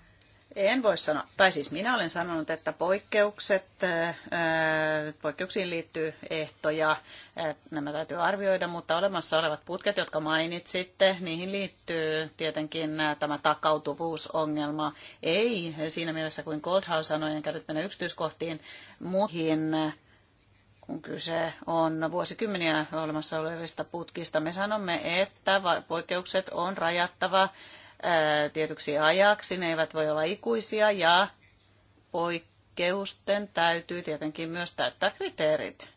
En voi sanoa, tai siis minä olen sanonut, että poikkeukset, poikkeuksiin liittyy ehtoja, nämä täytyy arvioida, mutta olemassa olevat putket, jotka mainitsitte, niihin liittyy tietenkin tämä takautuvuusongelma. Ei siinä mielessä kuin Goldhaus sanoi, enkä nyt mennä yksityiskohtiin, muihin kun kyse on vuosikymmeniä olemassa olevista putkista. Me sanomme, että poikkeukset on rajattava tietyksi ajaksi, ne eivät voi olla ikuisia ja poikkeusten täytyy tietenkin myös täyttää kriteerit.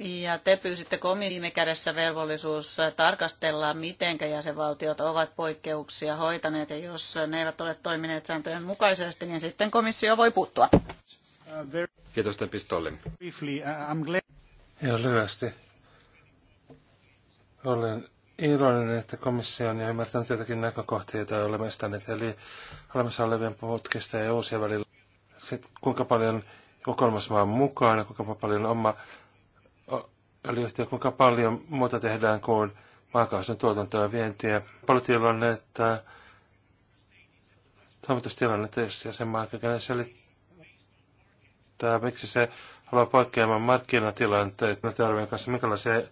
Ja te pyysitte viime kädessä velvollisuus tarkastella, miten jäsenvaltiot ovat poikkeuksia hoitaneet, ja jos ne eivät ole toimineet sääntöjen mukaisesti, niin sitten komissio voi puuttua. Kiitos tämän pistollin. Ja uh, lyhyesti. Olen iloinen, että komissio on ymmärtänyt jotakin näkökohtia, joita olemme estäneet, eli olemassa olevien putkista ja uusia välillä. Sitten kuinka paljon kolmas maa on mukana, kuinka paljon oma öljyhtiö, kuinka paljon muuta tehdään kuin maakaasun tuotantoa ja vientiä. tilanne, että toimitustilannetta, ja sen kykenee selittää, miksi se haluaa poikkeamaan markkinatilanteet teorian kanssa, minkälaisia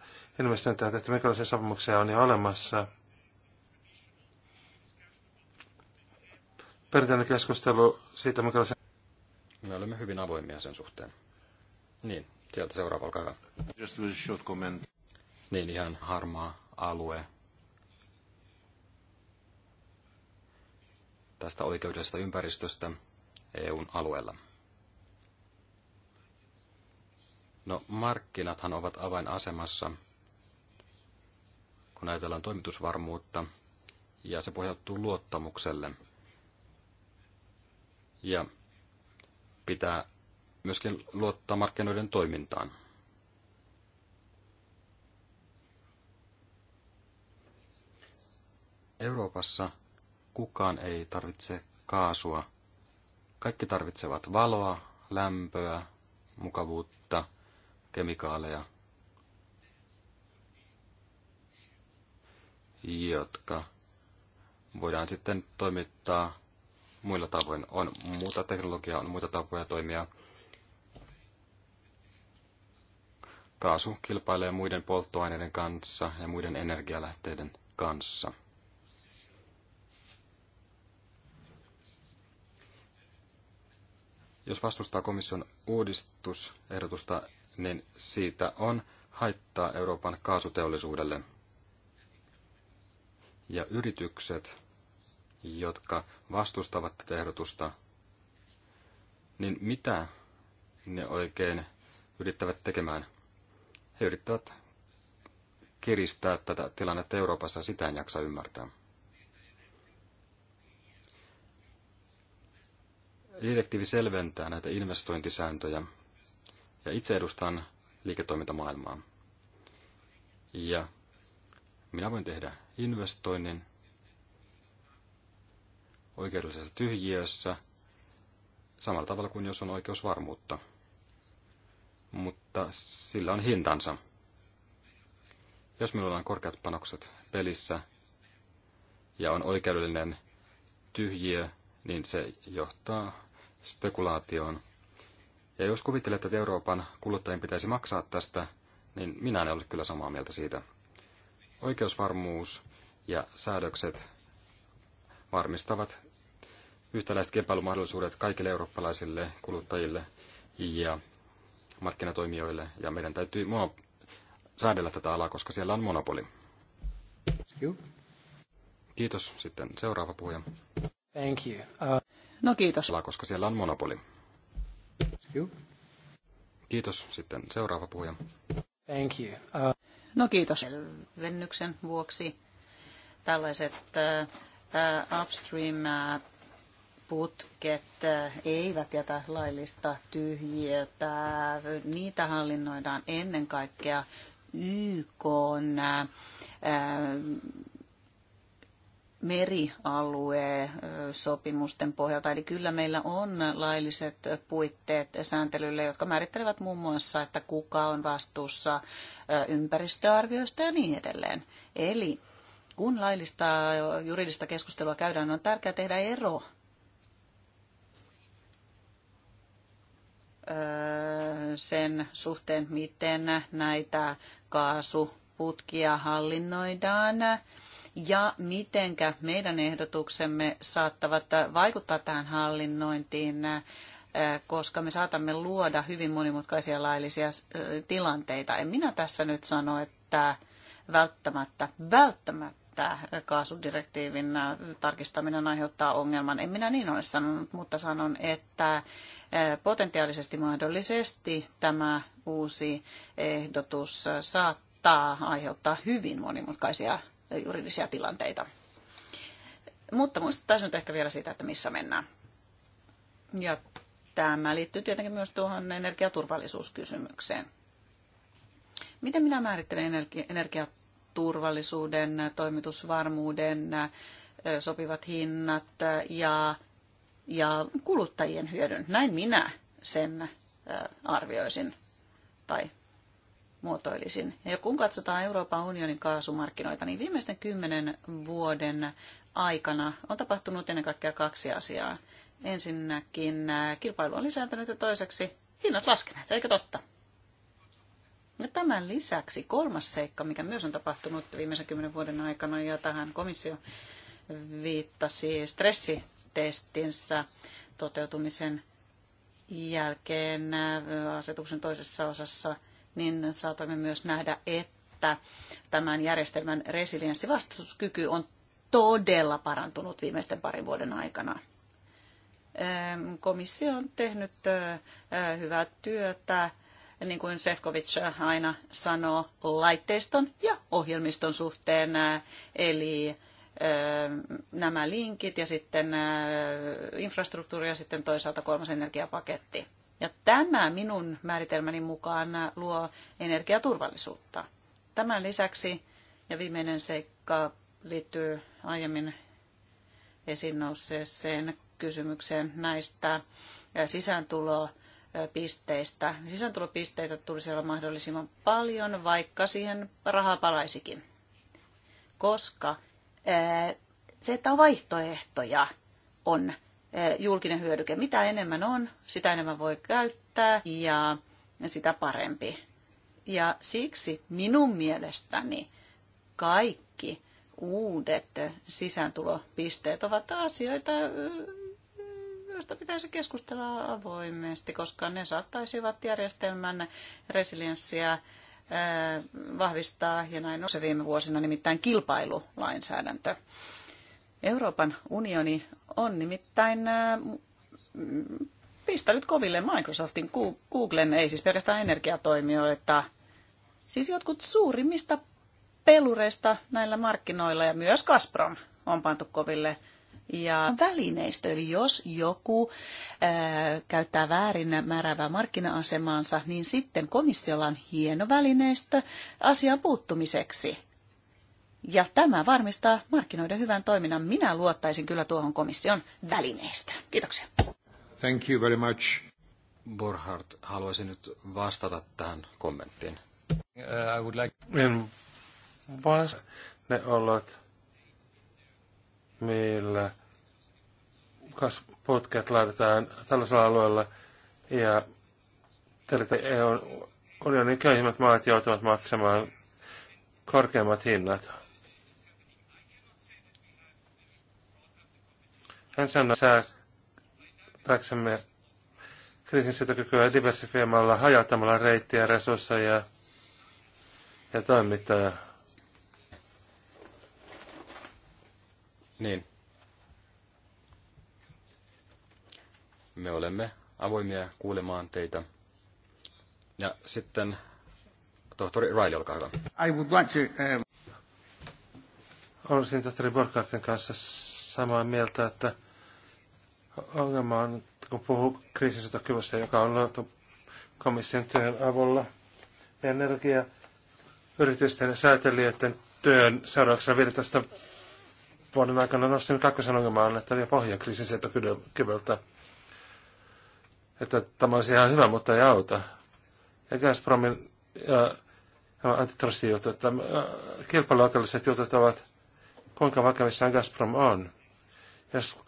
investointi on tehty, minkälaisia sopimuksia on jo olemassa. Perinteinen keskustelu siitä, minkälaisia... Me olemme hyvin avoimia sen suhteen. Niin, sieltä seuraava, olkaa hyvä. Just a short comment. Niin, ihan harmaa alue. Tästä oikeudellisesta ympäristöstä EUn alueella. No markkinathan ovat avainasemassa, kun ajatellaan toimitusvarmuutta, ja se pohjautuu luottamukselle. Ja pitää myöskin luottaa markkinoiden toimintaan. Euroopassa kukaan ei tarvitse kaasua. Kaikki tarvitsevat valoa, lämpöä, mukavuutta, kemikaaleja – jotka voidaan sitten toimittaa muilla tavoin. On muuta teknologiaa, on muita tapoja toimia. Kaasu kilpailee muiden polttoaineiden kanssa ja muiden energialähteiden kanssa. Jos vastustaa komission uudistusehdotusta, niin siitä on haittaa Euroopan kaasuteollisuudelle – ja yritykset, jotka vastustavat tätä ehdotusta, niin mitä ne oikein yrittävät tekemään? He yrittävät kiristää tätä tilannetta Euroopassa, sitä en jaksa ymmärtää. Direktiivi selventää näitä investointisääntöjä, ja itse edustan liiketoimintamaailmaa. Ja minä voin tehdä investoinnin oikeudellisessa tyhjiössä samalla tavalla kuin jos on oikeusvarmuutta. Mutta sillä on hintansa. Jos minulla on korkeat panokset pelissä ja on oikeudellinen tyhjiö, niin se johtaa spekulaatioon. Ja jos kuvittelet, että Euroopan kuluttajien pitäisi maksaa tästä, niin minä en ole kyllä samaa mieltä siitä. Oikeusvarmuus ja säädökset varmistavat yhtäläiset kilpailumahdollisuudet kaikille eurooppalaisille kuluttajille ja markkinatoimijoille, ja meidän täytyy mua säädellä tätä alaa, koska siellä on monopoli. Kiitos. Sitten seuraava puhuja. Thank you. Uh... No kiitos. Alaa, koska siellä on monopoli. Kiitos. Sitten seuraava puhuja. Thank you. Uh... No kiitos. Vennyksen vuoksi tällaiset äh, äh, upstream äh, putket eivät jätä laillista tyhjiötä. Niitä hallinnoidaan ennen kaikkea YK on merialue sopimusten pohjalta. Eli kyllä meillä on lailliset puitteet sääntelylle, jotka määrittelevät muun muassa, että kuka on vastuussa ympäristöarvioista ja niin edelleen. Eli kun laillista juridista keskustelua käydään, on tärkeää tehdä ero sen suhteen, miten näitä kaasuputkia hallinnoidaan ja mitenkä meidän ehdotuksemme saattavat vaikuttaa tähän hallinnointiin, äh, koska me saatamme luoda hyvin monimutkaisia laillisia äh, tilanteita. En minä tässä nyt sano, että välttämättä, välttämättä tämä kaasudirektiivin äh, tarkistaminen aiheuttaa ongelman. En minä niin ole sanonut, mutta sanon, että potentiaalisesti mahdollisesti tämä uusi ehdotus saattaa aiheuttaa hyvin monimutkaisia juridisia tilanteita. Mutta muistuttaisin nyt ehkä vielä siitä, että missä mennään. Ja tämä liittyy tietenkin myös tuohon energiaturvallisuuskysymykseen. Miten minä määrittelen energi- energiaturvallisuuden, toimitusvarmuuden, sopivat hinnat ja, ja kuluttajien hyödyn? Näin minä sen arvioisin tai muotoilisin. Ja kun katsotaan Euroopan unionin kaasumarkkinoita, niin viimeisten kymmenen vuoden aikana on tapahtunut ennen kaikkea kaksi asiaa. Ensinnäkin äh, kilpailu on lisääntynyt ja toiseksi hinnat laskeneet, eikö totta? Ja tämän lisäksi kolmas seikka, mikä myös on tapahtunut viimeisen kymmenen vuoden aikana ja tähän komissio viittasi stressitestinsä toteutumisen jälkeen äh, asetuksen toisessa osassa – niin saatamme myös nähdä, että tämän järjestelmän resilienssivastuskyky on todella parantunut viimeisten parin vuoden aikana. Komissio on tehnyt hyvää työtä, niin kuin Sefcovic aina sanoo, laitteiston ja ohjelmiston suhteen, eli nämä linkit ja sitten infrastruktuuri ja sitten toisaalta kolmas energiapaketti. Ja tämä minun määritelmäni mukaan luo energiaturvallisuutta. Tämän lisäksi, ja viimeinen seikka liittyy aiemmin esiin nousseeseen kysymykseen näistä sisääntulopisteistä. pisteistä. Sisääntulopisteitä tulisi olla mahdollisimman paljon, vaikka siihen rahaa palaisikin. Koska se, että on vaihtoehtoja, on Eh, julkinen hyödyke. Mitä enemmän on, sitä enemmän voi käyttää ja sitä parempi. Ja siksi minun mielestäni kaikki uudet sisääntulopisteet ovat asioita, eh, joista pitäisi keskustella avoimesti, koska ne saattaisivat järjestelmän resilienssiä eh, vahvistaa ja näin on se viime vuosina nimittäin kilpailulainsäädäntö Euroopan unioni on nimittäin äh, pistänyt koville Microsoftin, Googlen, ei siis pelkästään energiatoimijoita, siis jotkut suurimmista pelureista näillä markkinoilla ja myös Gazprom on pantu koville ja välineistö. Eli jos joku ää, äh, käyttää väärin määräävää markkina-asemaansa, niin sitten komissiolla on hieno välineistö asian puuttumiseksi. Ja tämä varmistaa markkinoiden hyvän toiminnan. Minä luottaisin kyllä tuohon komission välineistä. Kiitoksia. Thank you very much. Borhard, haluaisin nyt vastata tähän kommenttiin. Uh, I would like... En vasta ne olot, millä podcast laitetaan tällaisella alueella ja on EUn unionin köyhimmät maat joutuvat maksamaan korkeammat hinnat. Hän sanoi, säätäksemme kriisinsietokykyä diversifioimalla, hajauttamalla reittiä, resursseja ja toimittajaa. Niin. Me olemme avoimia kuulemaan teitä. Ja sitten tohtori Riley, olkaa hyvä. I would like to, um... Olisin tohtori Borkartin kanssa samaa mieltä, että Ongelma on, kun puhuu kriisinsotakyvystä, joka on luotu komission työn avulla, energia yritysten ja säätelijöiden työn seurauksena 15 vuoden aikana nostin kakkosen ongelmaan annettavia pohjia kriisinsietokyvyltä. Että tämä olisi ihan hyvä, mutta ei auta. Ja Gazpromin ja jutut, että äh, kilpailuoikeudelliset jutut ovat kuinka vakavissaan Gazprom on. Jos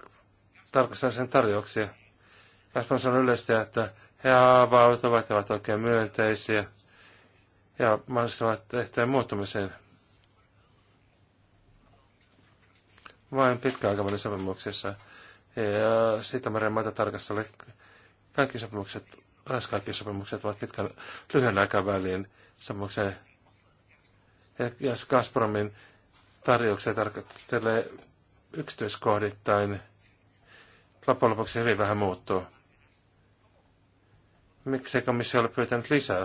tarkastan sen tarjouksia. Respons on yleisesti, että he avautuvat ja ovat oikein myönteisiä ja mahdollistavat tehtävän muuttumiseen. Vain pitkäaikavälin sopimuksessa. Ja Sitämeren maita tarkastella kaikki sopimukset, lähes kaikki sopimukset ovat pitkän, lyhyen aikavälin sopimukseen. Ja jos Gazpromin tarjouksia tarkastelee yksityiskohdittain, loppujen lopuksi hyvin vähän muuttuu. Miksei komissio ole pyytänyt lisää